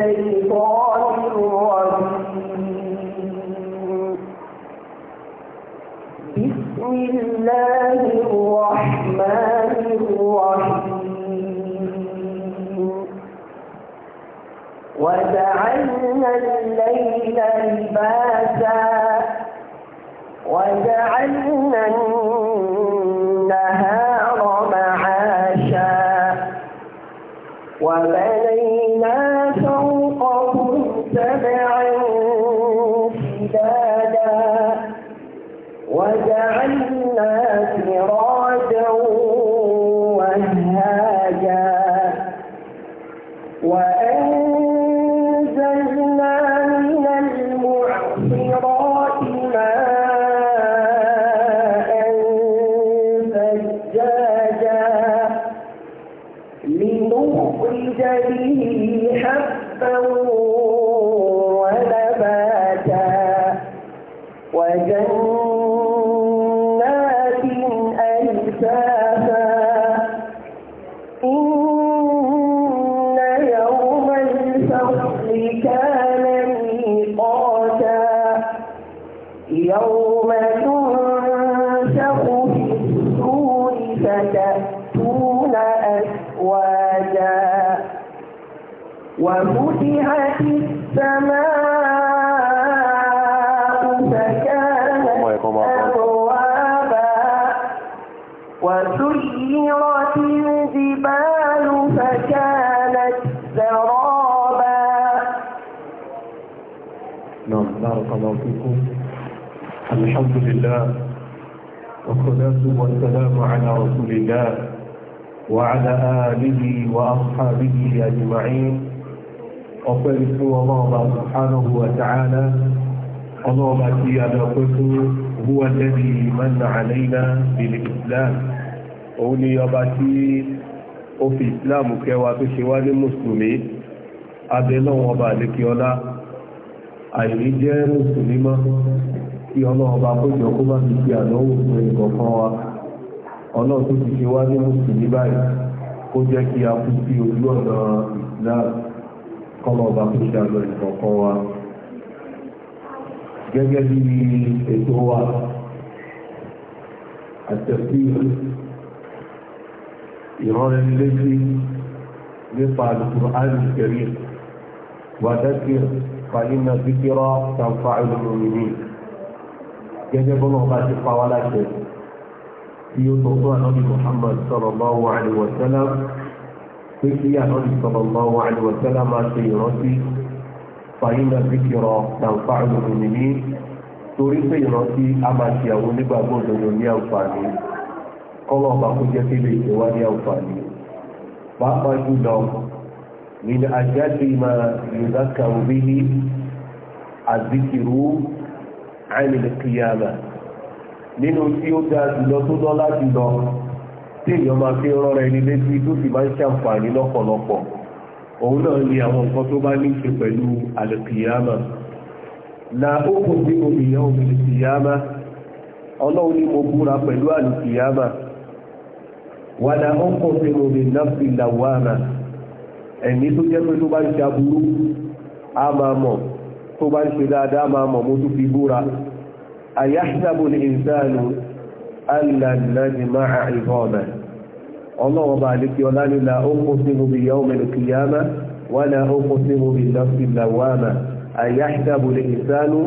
ṣe ìfọ́ الله والصلاة والسلام على رسول الله وعلى آله وأصحابه أجمعين ọpẹ́ ìfún ọlọ́ọ̀bá subhanahu wa ta'ala ọlọ́ọ̀bá tí a lọ pẹ́ fún huwa alladhi manna alayna bil islam òun ni ọba tí ó fi islam kẹwàá tó ṣe wá ní mùsùlùmí abẹ́lọ́wọ́n ọba àlékí ọlá àìrí jẹ́ mùsùlùmí mọ́ kí ọlọ́run bá kójọ kó bá mi fi àdánwò fún ẹnìkan kan wa ọlọ́run tó ti ṣe wá ní mùsùlùmí báyìí kó jẹ́ kí a kú sí ojú ọ̀nà islam kọ́lọ̀ ọba kó ṣe àlọ́ ẹnìkan kan wa gẹ́gẹ́ bí ètò wa àtẹ̀sí ìránnilétí nípa Al-Qur'an Al-Karim wàdákìr fa inna dhikra tanfa'u gẹ́gẹ́ bọ́lá ọba ti pa wá láṣẹ tí ó sọ fún ànábì Muhammad sallallahu alaihi wa sallam pé kí ànábì sallallahu alaihi wa sallam máa ṣe ìrántí fàyínà zikirọ nàǹfà àlùmí ní torí pé ìrántí a máa ṣe àwọn onígbàgbọ́ òdodo ní àǹfààní kọ́lọ́ ọba kó jẹ́ kébé ìṣèwá ní àǹfààní pàápàá jùlọ nínú àjáde máa yorùbá kàwé ní àzíkìrú àìlèlè kìyàmà nínú tí ó dáa jùlọ tó lọ́lá jùlọ tí èèyàn máa fi rọra ẹni létí tó sì máa ń ṣàǹfààní lọ́pọ̀lọpọ̀ òun náà ni àwọn nǹkan tó bá ní ṣe pẹ̀lú àlèkìyàmà la ó kò sí òmìnira òmìnira ọlọ́run ní mo búra pẹ̀lú àlùkìyàmà wà ní ọkọ̀ tí mo lè náfi làwọn àmà ẹ̀mí tó jẹ́ pé tó bá ń ṣe á máa mọ̀ tó bá ń ṣe dáadáa máa mọ̀ mú tó fi búra àyáṣàbò ní ìsáàlù alàlàdìmáà ìbọ̀ọ̀mẹ̀ ọlọ́wọ́ bá lè fi ọlá nílá ó kó sínú bí yọ́ mẹ́lù kìyàmá wà náà ó kó sínú bí lọ́sí làwàmà àyáṣàbò ní ìsáàlù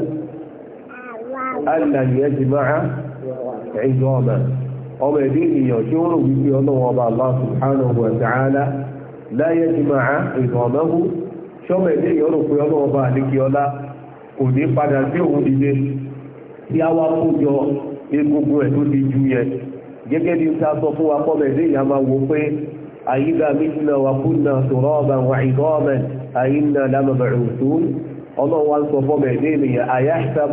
alàlàdìmáà ìbọ̀ọ̀mẹ̀ ọmọ ẹ̀dí ènìyàn ó rò wípé ọlọ́wọ́ bá Allah kò ní padà sí òun dìde tí a wá kó jọ egungun ẹ̀ tó ti ju yẹ gẹ́gẹ́ bí ta sọ fún wa kọ́bẹ̀ ní ìyá máa pé àyíká mílíọ̀nù wa kú náà sọ̀rọ̀ ọ̀bà wà ìgbọ́ ọ̀bẹ̀ ọlọ́run sọ àyà ìsàn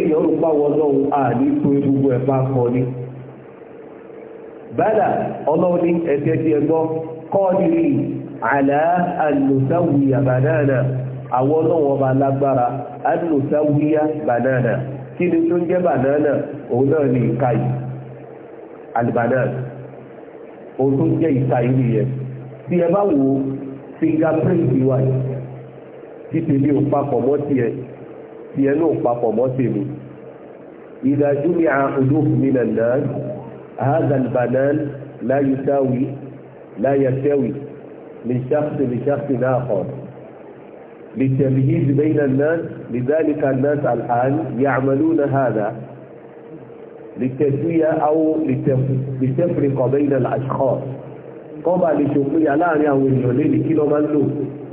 ìyá olùpá ọlọ́run àlá àlùsáwìyà bànáàna àwọn ọlọ́wọ́ bá lágbára àlùsáwìyà bànáàna kí ni tó ń jẹ́ bànáàna òun náà ní ìka yìí albanan òun tó ń jẹ́ ìka yìí yẹn tí ẹ bá wo fingerprint wa yìí títí mi ò papọ̀ mọ́ tiẹ̀ tiẹ̀ náà papọ̀ mọ́ tèmi ìdájúmi àhùdùn mi nàná àhàzàlbanan láyùtáwì láyàtẹ́wì. لشخص لشخص آخر للتمييز بين الناس لذلك الناس الآن يعملون هذا للتسوية أو لتفرق بين الأشخاص kọ́bà lè ṣòpínyà láàrin àwọn èèyàn lè ní kí lọ máa ń lò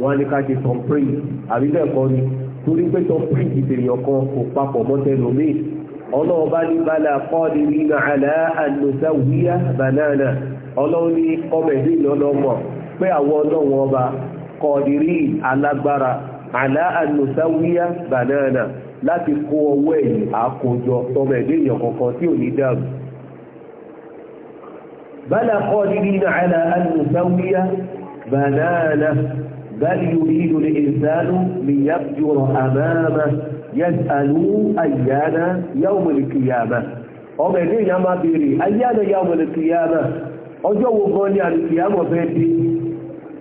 wọ́n ní ká ṣe tọ̀pín àbílẹ̀ ẹ̀kọ́ ni torí pé tọ̀pín ìdèyàn kan kò papọ̀ mọ́tẹ́lò míì ọlọ́run bá ní bala kọ́ọ̀dì nínú àlá àlùsáwíyá banana ọlọ́run ní kọ́mẹ̀dé ìlọ́lọ́mọ̀ pé àwọn ọlọ́run ọba kọ̀ọ̀dìrí alágbára àlá ànùsáwíyá banana láti kó ọwọ́ ẹ̀yìn àkójọ tọmọ ẹ̀dẹ́ èèyàn kankan tí ò ní dàrú bala kọ̀ọ̀dìrí àlá ànùsáwíyá banana بل يريد الإنسان ليفجر أمامه يسأل أيان يوم ọjọ́ wo gan ni àlùkìyàmọ̀ fẹ́ dé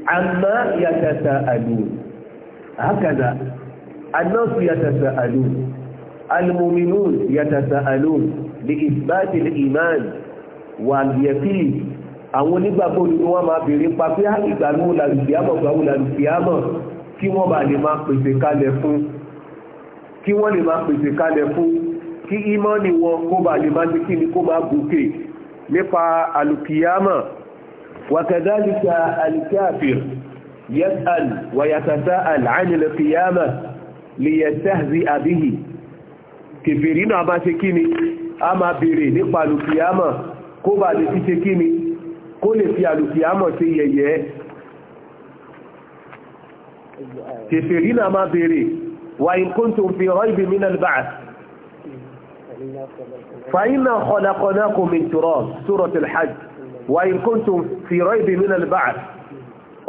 àmọ́ yàtàtà àlùú àkàdà anọ́sù yàtàtà àlùú almuminun yàtàtà àlùú lè ìbáàtì lè ìmáàn wà yẹ̀kìlì àwọn onígbàgbọ́ ni wọ́n máa bèèrè pa pé ìgbàlú làlùfíàmọ̀ gbàlú làlùfíàmọ̀ kí wọ́n bá lè máa pèsè kalẹ̀ fún kí wọ́n lè máa pèsè kalẹ̀ fún kí ìmọ̀ ni wọn kó bá lè máa ti kí ni kó máa gòkè nípa àlùkìyàmọ̀ وكذلك الكافر يسأل ويتساءل عن القيامة ليستهزئ به كفرين أما تكيني أما بيري نقبع القيامة قبع لتكيني قل في القيامة سيئي كفرين أما بيري وإن كنتم في غيب من البعث فإنا خلقناكم من تراب سورة الحج wa in kuntum fi raybi min al-ba'th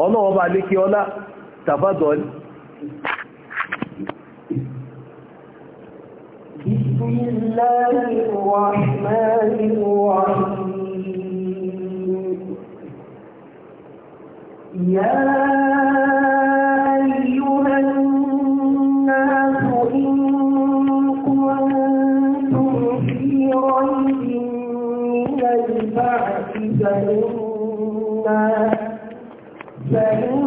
ọlọ́wọ́ bá lé kí ọlá tàbádọ́lì Bismillahir Rahmanir Rahim Ya فإنا فإنا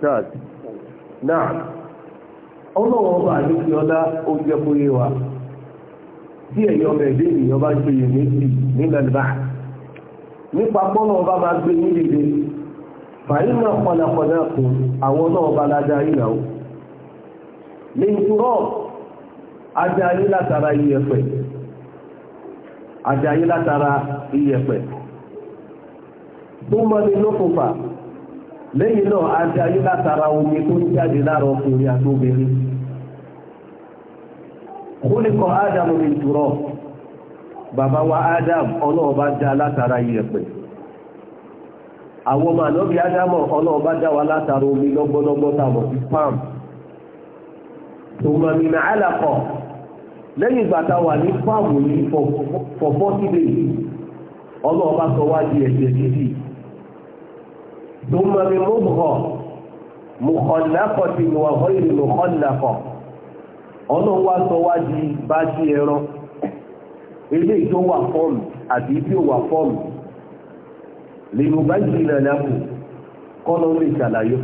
kitab náà anyị ọba ọlá ó jẹ́ kó wa tí ẹ̀yọ́ ọmọ ẹ̀dẹ́ ènìyàn bá ṣe yè méjì nílẹ̀lbà nípa pọ́nà ọba gbé ní lédè fàyín àwọn náà ọba ládarí náà lẹ́yìn náà a ṣe ayé omi tó ń jáde lára ọkùnrin àtòbìnrin kúlíkọ ádámù ní ìtura bàbá wa ádámù ọlọ́run bá látara iyẹ̀pẹ̀ àwọn ọmọ ádámù wa látara omi pam tòun àmì lẹ́yìn ìgbà tá a wà ní pam yìí for forty days ọlọ́run sọ wá di ثم بمضغة مخلقة وغير مخلقة ọlọ́run wá sọ wá di bá ẹran eléyìí tó wà fọ́ọ̀mù àti tí ó wà fọ́ọ̀mù lèmi bá yìí nà lápò kọ́nà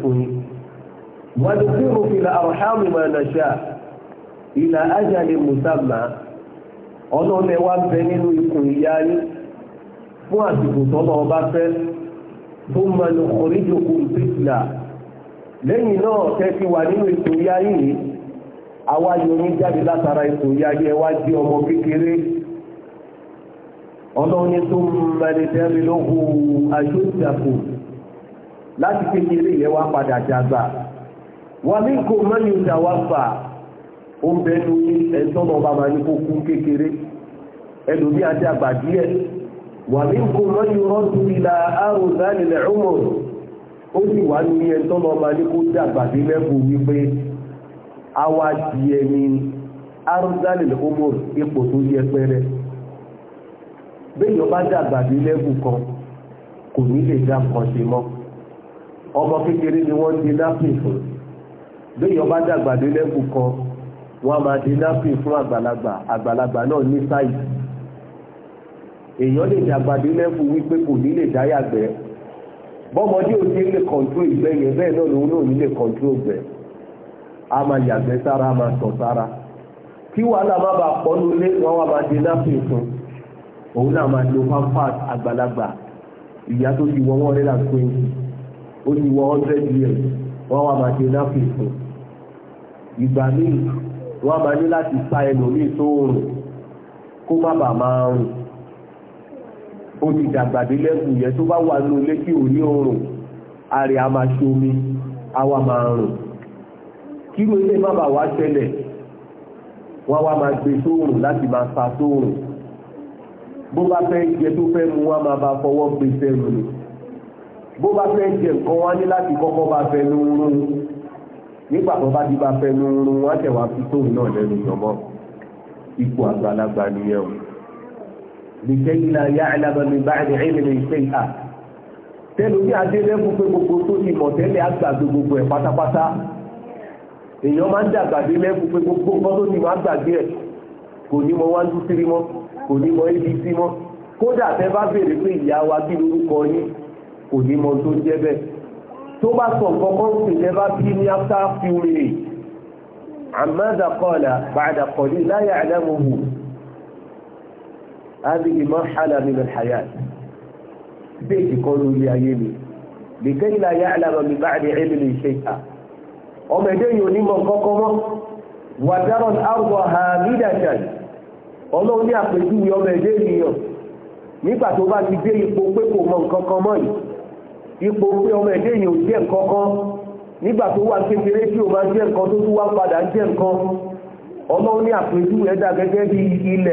fún yín. mo fi ṣá ìlà ọlọ́run ẹ wá bẹ nínú ikùn ìyá yín fún àsìkò tó máa lọ kọ̀ríjòkó bíkìlà lẹ́yìn náà tẹ́ ti wà nínú ètò yáyé yìí àwa yọyín jáde látara ètò yáyé wá di ọmọ kékeré ọlọ́run ní tó máa lè tẹ́rí lóhùn àjọṣàkó láti kékeré yẹn wá padà dàgbà wà ní kò má ìjà wá fà ó ń ẹ̀ńtọ́nà ọba máa ní kó kú kékeré ẹlòmíà dàgbà díẹ̀. ومنكم من يرد إلى أرذل العمر ó sì wá ní iye tọ́lọ ọba ní kó dàgbà dé lẹ́kùn wípé àwa di ẹni arúgbálẹ̀ lọ́mọ ipò tó yẹ pẹ́rẹ́ béèyàn bá dàgbà dé lẹ́kùn kan kò ní lè dá nǹkan ṣe mọ́ ọmọ kékeré ni wọ́n di nápì fún béèyàn bá dàgbà dé lẹ́kùn kan wọ́n máa di nápì fún àgbàlagbà àgbàlagbà náà ní sáìsì èèyàn lè dàgbàdé lẹ́kù wípé kò ní lè dáyàgbẹ́ bọ́mọdé ò sí lè kọ̀ntró ìgbẹ́ yẹn bẹ́ẹ̀ náà lòun náà ní lè kọ̀ntró gbẹ́ a máa yàgbẹ́ sára a máa tọ̀ sára kí wàhálà má bàa pọ́nú lé wọn wá máa dé náfìn fún òun náà máa lo pampas àgbàlagbà ìyá tó ti wọ wọn rẹ́là twenty ó ti wọ hundred years wọn wá máa dé náfìn fún ìgbà míì wọn máa ní láti sa ẹlòmíì tó rùn kó má bàa máa rùn ó ti dàgbà dé lẹ́kùn yẹn tó bá wà nínú ilé tí ò ní oòrùn àrè a máa ṣomi àwa máa rùn kí ló ilé má bàa wá ṣẹlẹ̀ wọ́n wá máa gbé sóòrùn láti máa fa sóòrùn bó bá fẹ́ jẹ tó fẹ́ mu wá máa bá fọwọ́ gbé sẹ́nu ni bó bá fẹ́ jẹ nǹkan wá ní láti kọ́kọ́ bá fẹ́ nu rún nígbà tó bá ti bá fẹ́ nu rún wọ́n á tẹ̀ fi sóòrùn náà lẹ́nu yọ̀mọ́ ipò àgbàlagbà nìyẹn o lìkẹ́yìn náà yá àlàbà mi bá ẹni ẹni lè ṣe ìhà tẹ́lu ní adélẹ́kùn pé gbogbo tó ti mọ̀ tẹ́lẹ̀ àgbàdo gbogbo ẹ̀ pátápátá èèyàn máa ń dàgbà dé lẹ́kùn pé gbogbo nǹkan tó ti máa gbàgbé ẹ̀ kò ní mọ̀ one two mọ́ kò ní mọ̀ abc mọ́ kódà tẹ́ bá béèrè pé ìyá wa kí lorúkọ yín kò ní mọ̀ tó jẹ́ bẹ́ẹ̀ tó bá sọ nǹkan kan sì tẹ́ bá bí ní after few minutes àmọ́ àdàkọ́ọ̀là bàdàkọ́ọ̀lì láyà àdámọ̀ wò هذه مرحلة من الحياة بيت قولوا لي أيمي لكي لا يعلم من بعد علم شيئا ọmọ ẹ̀dẹ́ yìí onímọ̀ kọ́kọ́ mọ́ ọlọ́run ní àpèjúwe ọmọ ẹ̀dẹ́ ènìyàn nígbà tó bá ti dé ipò pé kò mọ nǹkan kan mọ́ yìí ipò pé ọmọ ẹ̀dẹ́ yìí ò jẹ́ nǹkan kan nígbà tó kékeré tí ò jẹ́ nǹkan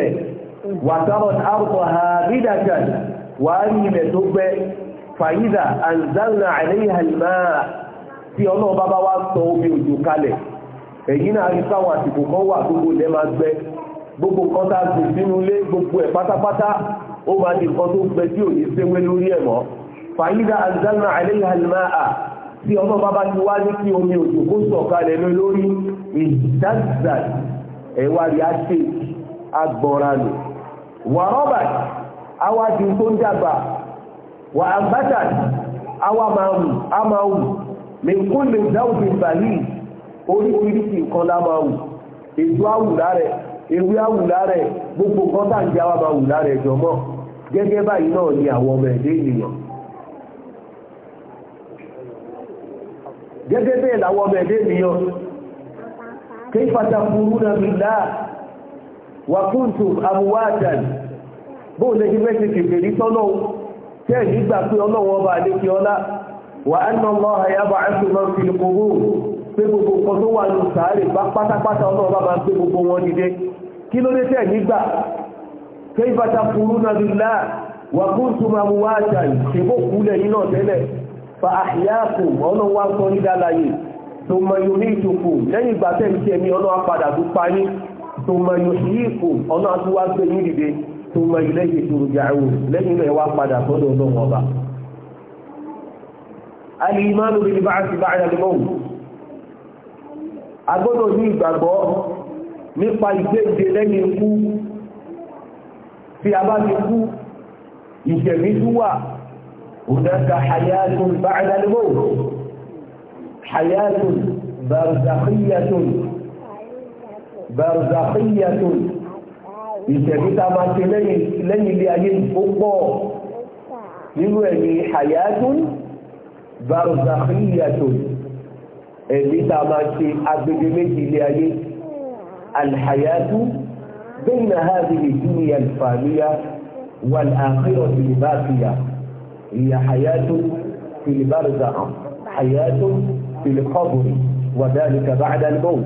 tó wàtàrọ̀ àrùkọ̀ ha rídàjà wà á rí ilẹ̀ tó gbẹ fàyídà àǹzánà àìlẹ́yìn àìmá tí ọlọ́run bá bá wá sọ omi òjò kalẹ̀ èyí náà rí sáwọn àsìkò kan wà gbogbo ilẹ̀ máa gbẹ gbogbo nǹkan tá a sínú ilé gbogbo ẹ̀ pátápátá ó máa di nǹkan tó gbẹ tí ò ní séwé lórí ẹ̀ mọ́ fàyídà àǹzánà àìlẹ́yìn àìmá tí ọmọ bàbá ti wá ní kí omi òjò kó sọ̀kalẹ̀ lọ lórí ìdáàzà ẹ̀wà wà Robert awa tó ń dàgbà wà ambatan awa máa wù a mẹ́kún lè gbogbo nǹkan ń jẹ́ máa wù lárẹ̀ jọmọ́ gẹ́gẹ́ báyìí náà ni àwọn ọmọ ẹ̀dẹ́ ènìyàn gẹ́gẹ́ bẹ́ẹ̀ wàkúntùm amúwádàn bóò lè gbé ti kìfè ní tọ́lọ́ tẹ́ nígbà pé ọlọ́wọ́ bá lè kí ọlá wà á nà lọ àyàbà àṣùmọ̀ fi kòwò pé gbogbo kan tó wà ní sàárè bá pátápátá ọlọ́wọ́ bá máa gbé gbogbo wọn dìde kí ló dé tẹ́ nígbà ké ìbàtà kúrú náà bí láà wàkúntùm amúwádàn ṣèbó kúlẹ̀ yín náà tẹ́lẹ̀ fa àyàkùn ọlọ́wọ́ á sọ ní dálayé tó mọ yorí ìtòkù lẹ́yìn ìgbà tẹ́ tó máa yọ sí ìkò ọ̀nà àti wá gbé yín dìde tó máa yọ lẹ́yìn ìṣòro jàrú lẹ́yìn náà wá padà sọ́dọ̀ ọlọ́run ọba. alìmánu bíi bá a ti bá àyà lọ́wọ́ a ní ìgbàgbọ́ nípa ìgbéǹde lẹ́yìn ikú tí a bá ti kú ìṣẹ̀mí tó wà òdáka hayatun ba'da al-mawt hayatun barzakhiyatun barzakhiya ìṣẹ̀lú tá a máa ṣe lẹ́yìn ilé ayé ó pọ̀ nínú ẹ̀mí hayatun barzakhiya ẹ̀mí tá a máa ṣe agbègbè méjì ilé ayé alhayatu bayna hadhihi dunya alfaniya wal akhirati albaqiya hiya hayatun fil barzakh hayatun fil qabr wa dhalika ba'da al-maut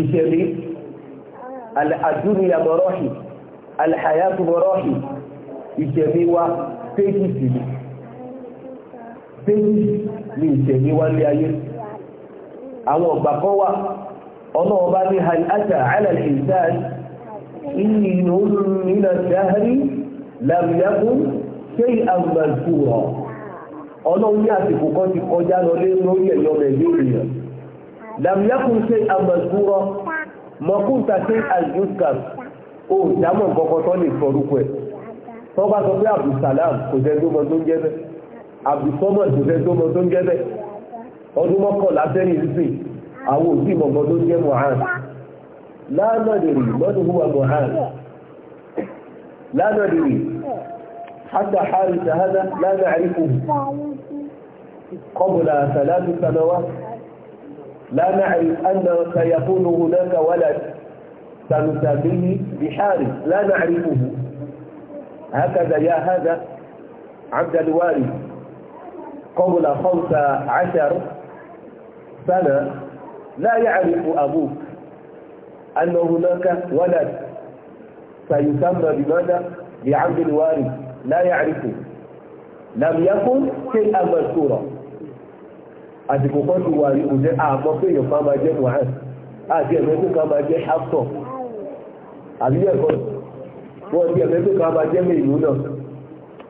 ìṣẹ̀lẹ̀ àdúnìyà mọ́rọ́hì alhayatu mọ́rọ́hì ìṣẹ̀lẹ̀ wa péjìsì ni péjìsì ni ìṣẹ̀lẹ̀ wa lé ayé àwọn ọ̀gbà kan wà ọ̀nà ọba ní àjà alàlẹ́sàn ìlú nínú dáhàrí làmìyàkùn ṣé àmàlùkù rọ̀ ọlọ́run ní àsìkò kan ti lam yakun shay'an mazkura mọ̀kúta shay'an a ó dámọ̀ kọ́kọ́ tó lè sọrúkọ ẹ̀ tó bá sọ pé abdulsalam kò jẹ́ tó mọ tó ń kò jẹ́ tó mọ tó ọdún mọ́kànlá sẹ́yìn sísìn àwọn òbí mọ̀gbọ́n tó lánàdìrì huwa mohan lánàdìrì hátà hárìsà hádà lánàdìrì kọ́bùnà sàlámù لا نعرف أن سيكون هناك ولد سنسميه بحارث لا نعرفه هكذا يا هذا عبد الوارث قبل خمس عشر سنة لا يعرف أبوك أن هناك ولد سيسمى بماذا؟ بعبد الوارث لا يعرفه لم يكن شيئا مذكورا àsìkò kan ti wà kò jẹ́ àmọ́ pé èèyàn kan máa jẹ́ mohan àti ẹ̀mẹ́tò kan máa jẹ́ hapton àbí ẹ̀kọ́ wọ́n ti ẹ̀mẹ́tò kan máa jẹ́ mèlú náà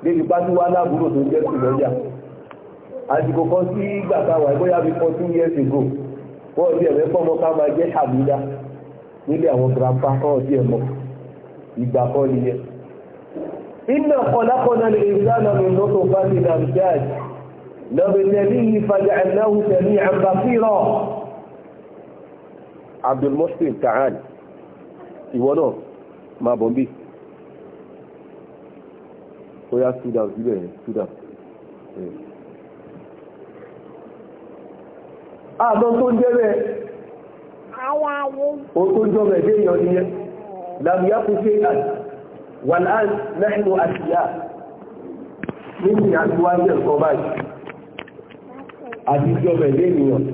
débi pátí wá láàbúrò tó jẹ́ tìlọ́jà àsìkò kan sí ìgbà táwà ìbóyá bí kan two years ago wọ́n ti ẹ̀mẹ́fọ́ ọmọ kan máa jẹ́ àbúdá nílé àwọn grandpa kan ti ẹ̀mọ́ ìgbà kan nìyẹn. iná kọlákọ́ná lè rí sáà náà mi lọ́tọ̀ bá ti nà ń نبتليه فجعلناه سميعا بصيرا عبد المحسن تعال ìwọ́nà ما bọ̀ bí ó yá sudan síbẹ̀ yẹn sudan àmọ́ tó ń jẹ́ bẹ́ẹ̀ o tó ń jọ bẹ̀ dé èèyàn nìyẹn làmìyá kò ṣe àti wà mẹ́rin àti ìyá nígbìyànjú wáyé ẹ̀kọ́ báyìí àti ìjọba ẹ̀dẹ́ ènìyàn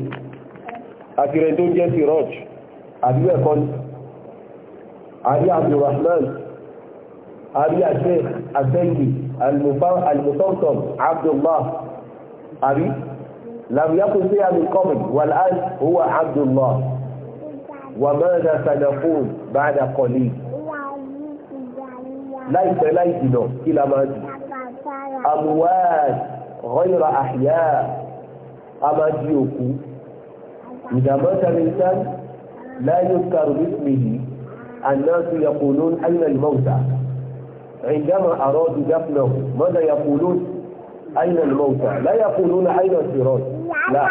àti rẹ̀ tó ń jẹ́ siraj àbí ẹ̀kọ́ ni àrí abdulrahman àrí àṣẹ àṣẹ́yìn almufawtom abdullah àrí làmìyàkó sí àmì kọ́mìn wàlán huwa abdullah wà mẹ́rin sanafún báyà kọ́lé láìpẹ́ láì jìnà kí la máa jù àmúwáàd ghayra àhíyá a máa di òkú ìdàmọ́ta ní sáà láyé kàrùbí mìlì ànáàtú yaqulun ayna al-mawta عندما أرادوا دفنه ماذا يقولون أين الموتى لا يقولون أين الصراط لا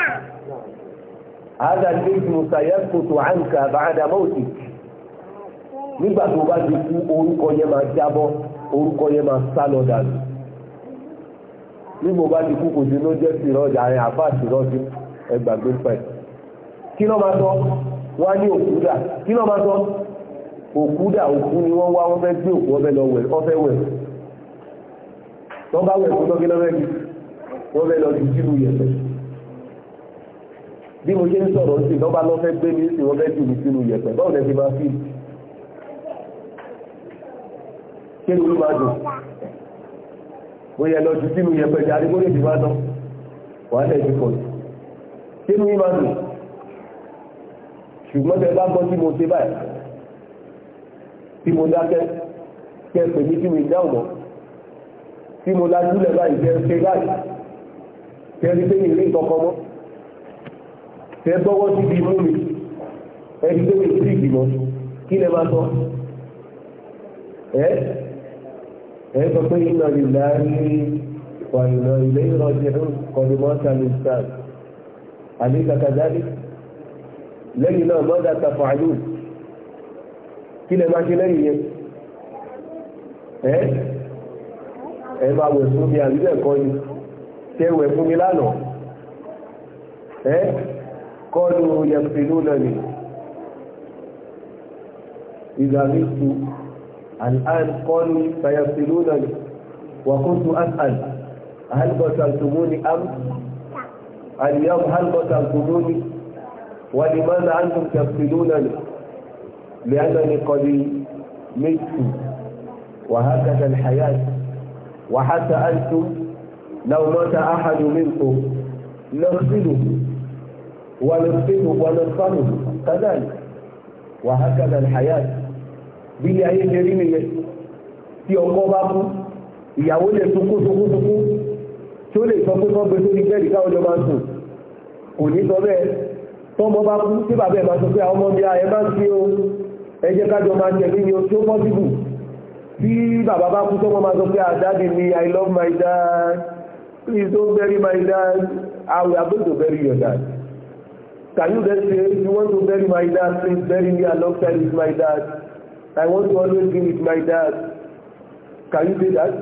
هذا الاسم سيسقط عنك بعد موتك nígbà tó bá ti kú orúkọ yẹn máa jábọ́ orúkọ yẹn máa sálọ dànù nígbò bá ti kú kò sí ló jẹ́ sírọ́ọ̀dì àárín àfáà sírọ́ọ̀dì ẹgbàgbé pẹ̀. kí ló máa sọ wá ní òkúdà kí ló máa sọ òkúdà òkú ni wọ́n wá wọ́n fẹ́ gbé òkú ọbẹ̀ lọ wẹ̀ ọfẹ́ wẹ̀ wọ́n bá wẹ̀ fún lọ́gẹ́ lọ́wẹ́ bí wọ́n fẹ́ lọ sí sínú yẹ̀pẹ̀ bí mo ṣe ń sọ̀rọ̀ sí lọ́ba lọ́ fẹ́ gbé mi sí wọ́n fẹ́ jù mí sínú yẹ̀pẹ̀ báwo lẹ ti máa fi kí ni máa dùn ó yẹ lọ ju sínú yẹpẹ jáde kó lè fi wá tán wàá lẹ̀ ju pọ̀ sínú yìí máa dùn ṣùgbọ́n tẹ bá gbọ́ tí mo ṣe báyìí tí mo dákẹ́ kẹ pè mí tí mo dáhùn mọ́ tí mo lajúlẹ̀ báyìí tẹ ṣe báyìí tẹ rí pé ìrí kankan mọ́ tẹ gbọ́wọ́ sí ibi mú mi ẹni tó mi sí ìgbìmọ̀ kí lè máa sọ ẹ́ ẹ̀ sọ pé iná ìlà rí wà ìnà ilé ìrọ̀jẹ̀ kọ́ni mọ́tà ní sáà àbí kàkàdárì lẹ́yìn náà mọ́tà tàfàlù kí lè máa ṣe lẹ́yìn yẹn ẹ́ ẹ máa wẹ̀ fún mi àbí bẹ́ẹ̀ kọ́ ni ṣé wẹ̀ fún mi lánàá ẹ́ kọ́nu yẹn fi lónà ni ìgbà mi tu. الآن قالوا فيصلونني وكنت أسأل هل قتلتموني أم اليوم هل قتلتموني ولماذا أنتم تقتلونني لأنني قد مت وهكذا الحياة وحتى أنتم لو مات أحد منكم نغسله ونغسله ونغسله كذلك وهكذا الحياة bí ilé ayé ṣe rí nìyẹn tí ọkọ bá kú ìyàwó lè sunkún sunkún sunkún tí ó lè sọ pé kọ́ gbé sórí bẹ́ẹ̀dì káwọn jọ máa sùn kò ní sọ bẹ́ẹ̀ tọ́mọ bá kú tí bàbá ẹ̀ máa sọ pé àwọn ọmọ mi ayẹ máa ń ṣe o ẹ jẹ́ kájọ máa tẹ̀lé ni o tí ó pọ́sibù tí bàbá bá kú tọ́mọ máa sọ pé àdáde ah, mi i love my dad please don't bury my dad i will am going to bury your dad can you then say if you want to bury my dad please bury me alongside with my dad I want to always be with my dad. Can you do that?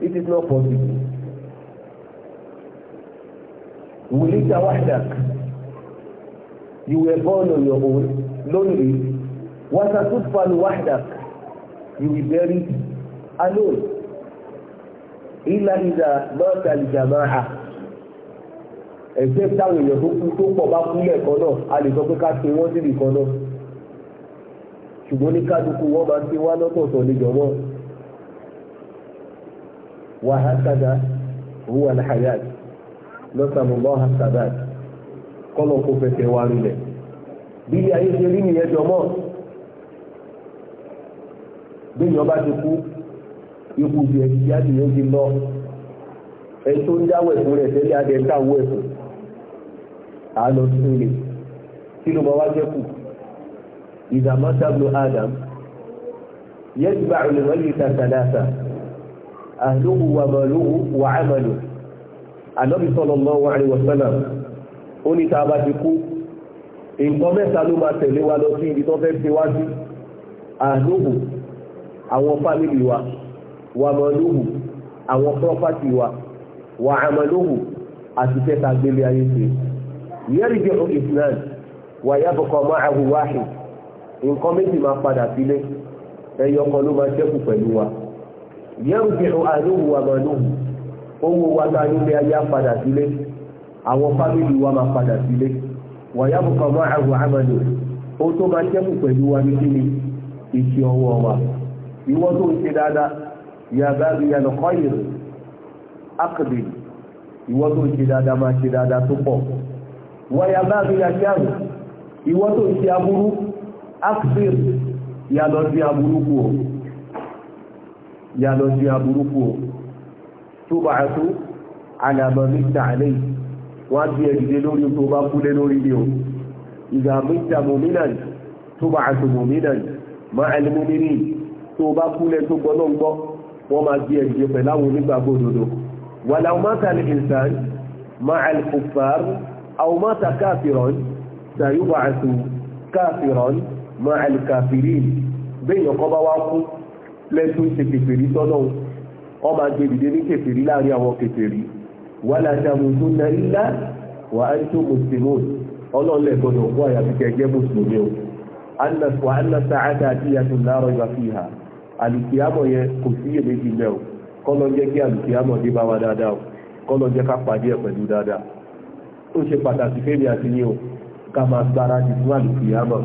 It is not possible. ولدت وحدك You were born on your own, lonely. وستدفن وحدك You will buried alone. إلا إذا مات الجماعة Except táwọn èèyàn tó kú tó pọ̀ bá kú lẹ́ẹ̀kan náà, a lè sọ pé ká ṣe wọ́n síbi kan náà ṣùgbọ́n ní kálukú wọ́n máa ti wá lọ́tọ̀ọ̀tọ̀ níjọ wọn. wàhásàdá huwa alhayat lọ́sàmùbọ́ hasàdá kọ́lọ̀ kó fẹsẹ̀ wá rinlẹ̀. bí ayé ṣe rí nìyẹn jọ mọ́ bí ìyọba ti kú ikú ju ẹ̀sì jáde yóò ti lọ ẹni tó ń dáwọ̀ ẹ̀fún rẹ̀ tẹ́lẹ̀ adẹ́ńtà wọ̀ ẹ̀fún àá lọ sílé kí ló máa wá jẹ́kù إذا مات ابن آدم يتبع الميت ثلاثة أهله وماله وعمله النبي صلى الله عليه وسلم ó ní tá a bá ti kú nǹkan mẹ́ta ló máa tẹ̀lé wa lọ sí ibi tó fẹ́ fi wá sí àlóhù àwọn fámìlì wa wà mọ̀lóhù àwọn pírọ́fàtì wa wà àmọ̀lóhù àti tẹ́ta gbélé ayé ṣe yẹ́rìndínlọ́ọ̀ ìsìnàn wà yàbọ̀kọ̀ máa àhùwáhìn nǹkan méjì máa padà sílé ẹyọ kan ló máa pẹ̀lú wa yẹ́rù ti hàn àlóhùn wa máa lóhùn owó wa ta nílé ayé á padà sílé àwọn fámìlì wa máa padà sílé wàyà bùkọ̀ máa àrùn àmàlò ó tó máa ṣẹ́kù pẹ̀lú wa ní kíni iṣẹ́ ọwọ́ wa ìwọ́n tó ń ṣe dáadáa akfir ya lọ sí aburúkú o ya lọ sí aburúkú o tó bá ẹ̀tú alàmọ̀míta àlẹ́ wọ́n bí ẹ̀dìdé lórí tó bá kúlé lórí ni o ìgbàmíta mòmínàn tó bá ẹ̀tú mòmínàn ma ẹlmúmínì tó bá kúlé tó gbọ́ gbọ́ wọ́n máa bí ẹ̀dìdé pẹ̀láwọn onígbàgbọ́ òdodo wàlàó mọ́ta ní ìsàn ma ẹlkùfàr àwọn mọ́ta káfìrán sàyúbà ẹ̀tú káfìrán mọ àlùkàfìrí bẹ́ẹ̀ yọkọ́ bá wá kú lẹ́tún ṣe kèfèrí sọ́nà ọ máa gbé dìde ní kèfèrí láàrin àwọn kèfèrí wà láti àmójú náà ńlá wà á tó mùsùlùmí ọlọ́ọ̀lẹ̀ gbọdọ̀ wọ àyàfi kẹjẹ mùsùlùmí o wà á nà sa àdá àti ìyàtọ̀ láàrọ̀ ìwà fi hà àlùkìyàmọ̀ yẹn kò sí èméjì mẹ́ o kọ́lọ́ jẹ́ kí àlùkìyàmọ̀ dé bá wa dáadáa o kọ́lọ́ jẹ́ ká pàdé ẹ̀ pẹ̀lú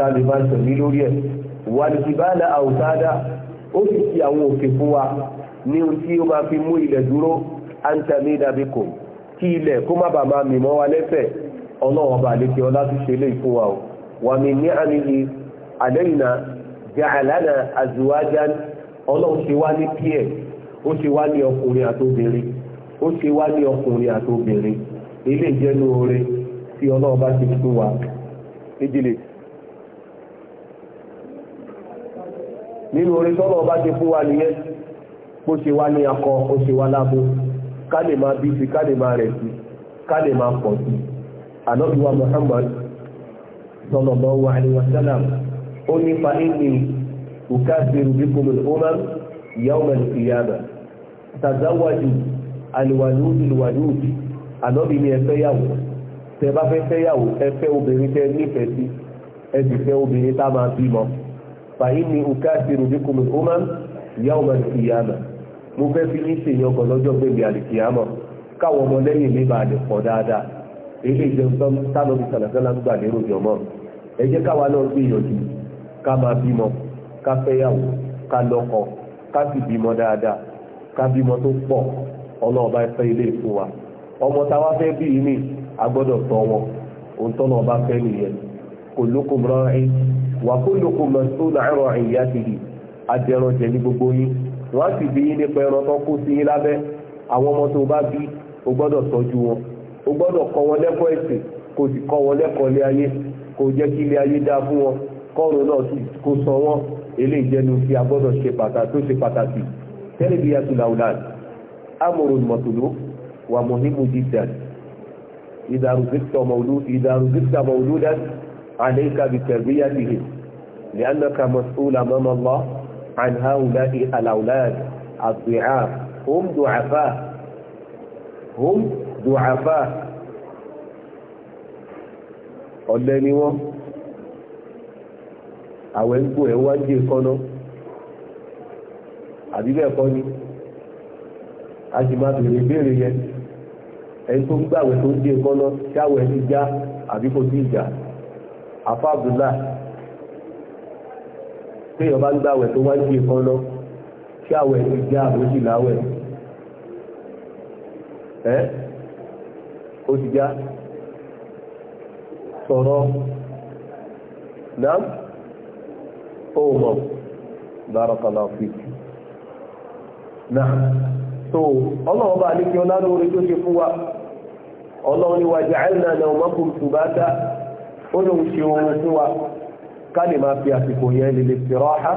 tàbí máa tẹ̀lé lórí ẹ̀ wà ní ìbálẹ̀ àwùsádà ó sì fi àwọn òkè fún wa ní ohun tí ó máa fi mú ilẹ̀ dúró àǹtàmí dàbí kò kí ilẹ̀ kó má bàa máa mìmọ́ wa lẹ́fẹ̀ẹ́ ọlọ́run ọba àlejò ọlá ti ṣe fún wa o wà mí ní àníyí àlẹ́yìnà jàǹlánà àzùwájá ọlọ́run ṣe wá ní píẹ̀ ó ṣe wá ní ọkùnrin àtobìnrin ó ṣe wá ní ọkùnrin àtobìnrin ilé ìjẹ́nu oore tí ọlọ́run bá ti fún wa. Ejile. nínú orí tọ́lọ̀ bá ti fún wa nìyẹn bó ṣe wá ní akọ ó ṣe wá lábo ká lè máa bí sí ká lè máa rẹ̀ sí ká lè máa pọ̀ sí ànábìwá Muhammad sallallahu alaihi wasallam ó ní fa inni ukasiru bikum al-umam yawma al-qiyamah tazawwaju al-walud al ni ẹ yàwó tẹ bá fẹ́ fẹ́ yàwó ẹ obìnrin tẹ nífẹ̀ẹ́ sí ẹ sì fẹ́ obìnrin tá máa bímọ. fàyínì ukáàsìrù bíkùn ọmọ yàwó máa fi yàmà mo fẹ́ fi ní sèyí ọkọ̀ lọ́jọ́ gbèmí àlìkìyàmọ̀ káwọn lẹ́yìn mi máa lè pọ̀ dáadáa èyí ìjẹun bí ń gbà lérò jọmọ́ ẹ jẹ́ káwa náà gbìyànjú ká máa bímọ ká ká ká sì bímọ dáadáa ká bímọ tó pọ ọlọ́ọ̀bá fẹ́ ilé ìfún wa ọmọ táwa fẹ́ bí ní tọ́ wọn òun tọ́nà ọba fẹ́ nìyẹn kò wà kullukum mas'ulun 'an ra'iyyatihi àjẹrán jẹ ní gbogbo yín wọ́n á sì bí yín nípa ẹran tó kó sí yín lábẹ́ àwọn ọmọ tó bá bí o gbọ́dọ̀ tọ́jú wọn o gbọ́dọ̀ kọ́ wọn lẹ́kọ̀ọ́ ẹ̀sìn kò sì kọ́ wọn lẹ́kọ̀ọ́ ilé ayé kò jẹ́ kí ilé ayé dáa fún wọn kọ́ọ̀rùn náà sì kó sọ wọn eléyìí jẹ́nu tí a ṣe pàtàkì tó ṣe pàtàkì tẹ́lẹ̀ bí yàtú عليك بتربيتهم لأنك مسؤول أمام الله عن هؤلاء الأولاد الضعاف هم ضعفاء هم ضعفاء ọ̀lẹ ni wọ́n àwẹ̀ ń kó ẹ̀wọ́ ajé kọ́nà àbíbẹ̀ kọ́ ni a sì máa bèèrè ìbéèrè yẹn ẹni tó ń gbàwẹ̀ tó ń dé kọ́nà ṣáwẹ̀ ti já àbí kò sí ìjà àfọ àbúlá téèyàn ń gbàwẹ̀ tó wá ń gbé kan kí àwẹ̀ ti jẹ́ àbójìlá ẹ́ ó ti já sọ̀rọ̀ náà ó mọ̀ bárakàlá fíkì náà so ọlọ́run bá ní kí ọlá lórí tó ṣe fún wa ọlọ́run ni wàjẹ́ àìlànà ó lóun ṣe oorun fún wa ká lè máa fi àsìkò yẹn lè lè fi rọ́ọ̀há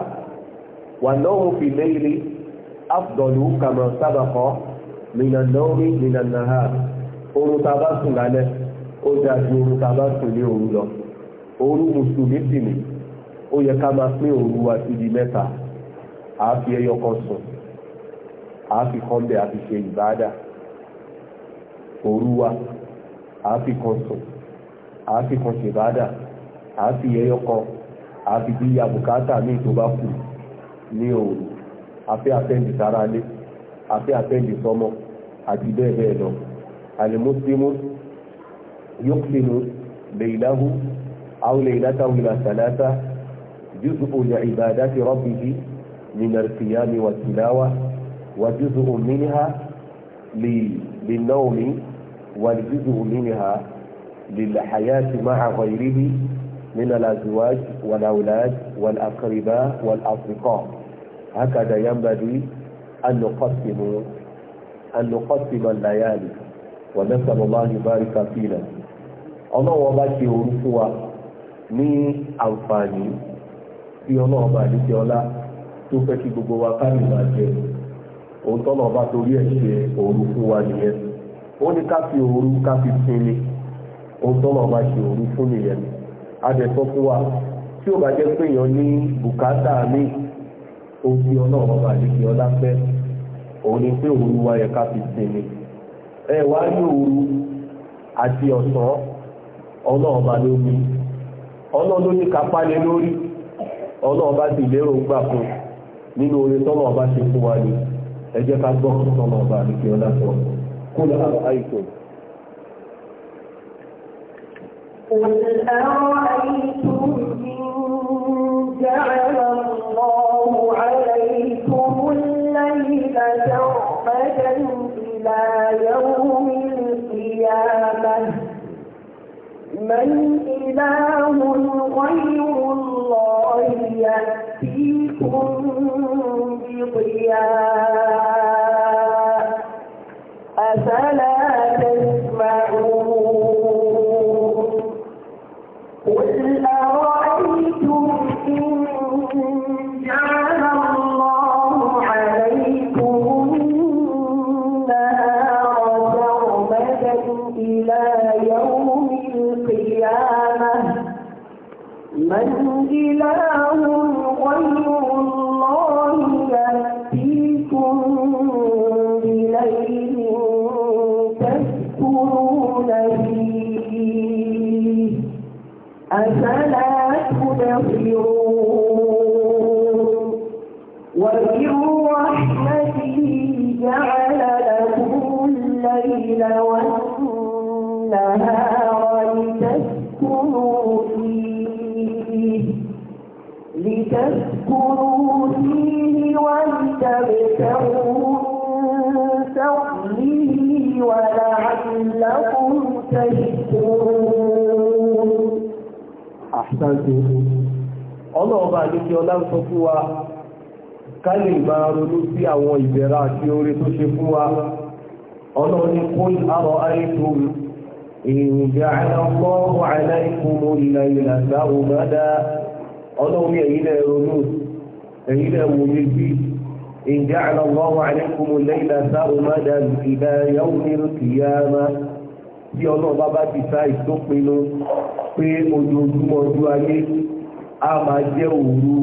wà lọ́rùn fi léyìí afdọ̀lù kàmọ̀ sábàkọ́ mìnàdọ́rí mìnàdàhà oorun tá a bá sùn lálẹ́ ó dáa ju oorun tá a bá sùn ní òru lọ òru mùsùlùmí sì ni ó yẹ ká máa pín òru wa sí di mẹ́ta àá fi ẹyọ kan sùn àá fi kan bẹ̀ àá fi ṣe ìbáadà òru wa àá fi kan sùn àáfi kan ṣèbádà àáfi ẹyọkọ àáfi bí abùkátà ní tó bá kù ní òòrùn afẹ́ àtẹ́ǹdì sára lé afẹ́ àtẹ́ǹdì sọmọ àti bẹ́ẹ̀ bẹ́ẹ̀ lọ alimuslimu yókùnínú lèyìnláhù àwọn lèyìnlátàwò ìlà sàlátà jùsùkù ní ìbàdá ti rọ́bìhì nínú ìfìyàmì wà tìláwà wà jùsùkù mínú lè náà mi wà jùsùkù mínú للحياة مع غيره من الأزواج والأولاد والأقرباء والأصدقاء هكذا ينبغي أن نقسم أن نقسم الليالي ونسأل الله يبارك فينا ọlọ́wọ́ bá ṣe òru fún wa ní àǹfààní tí ọlọ́wọ́ bá ní jẹ ọlá tó fẹ́ kí gbogbo wa ká lè máa jẹ òun tọ́lọ́ bá torí ẹ̀ ṣe òru fún wa nìyẹn ó ní ká fi òru ká fi sinmi ohun tó máa máa ṣe òru fún nìyẹn adẹ̀sọ fún wa tí ó bá jẹ́ pé èèyàn ní mi ozi tí ọlọ́run máa lè fi ọlá fẹ́ òun ni pé wa yẹ ká fi sinmi ẹ wá ní òru àti ọ̀sán ọlọ́run máa ló ní ọlọ́run lórí ọlọ́run bá lérò gbà fún nínú oore wa ni ẹ jẹ́ ká gbọ́ fún lè fi kó قل أرأيتم إن جعل الله عليكم الليل إلى يوم القيامة من إله غير الله يأتيكم بضياء أفلا من إله غير àṣìṣàǹtì ọlọ́ọ̀bá àdékẹ́ ọláńsọ fún wa ká lè máa ronú sí àwọn ìbẹ̀rẹ̀ àti oore tó ṣe fún wa ọlọ́ọ̀ni kún àrọ̀ àìsùn ìrìnjà àyànfọ́ àìláìkùnmó ilẹ̀ ìlàgbà òmàdá ọlọ́ọ̀ni ẹ̀yìnlẹ̀ ronú ẹ̀yìnlẹ̀ wò mí bí ìjà àyànfọ́ àìláìkùnmó ilẹ̀ ìlàgbà òmàdá ìdá pé ojoojúmọ́ ayé a máa jẹ́ òru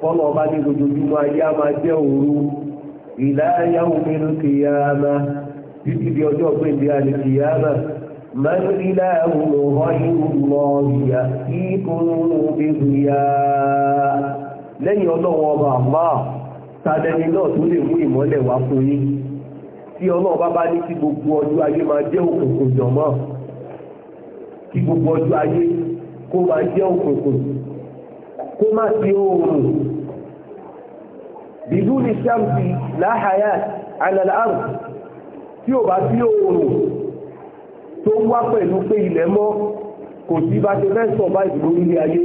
fọ́nà ọba ní ojoojúmọ́ ayé a máa jẹ́ òru ìláyàwó mẹ́rin kìyàmá títí di ọjọ́ pẹ̀lú alẹ́ kìyàmá mẹ́rin ìláyàwó lọ́wọ́ ìrùlọ lẹ́yìn ọlọ́wọ́ ọba àmà tàdẹni náà tó lè mú ìmọ́lẹ̀ wá fún yín tí ọlọ́wọ́ bá bá ní gbogbo ọjọ́ ayé máa jẹ́ kí gbogbo ọjọ́ ayé kó máa jẹ́ òkùnkùn kó má sí oòrùn bìlú ní sàmsì láhàyà alàlárùn tí ò bá sí oòrùn tó wá pẹ̀lú pé ilẹ̀ mọ́ kò sí bá ṣe fẹ́ sọ̀bá ìdúró nílé ayé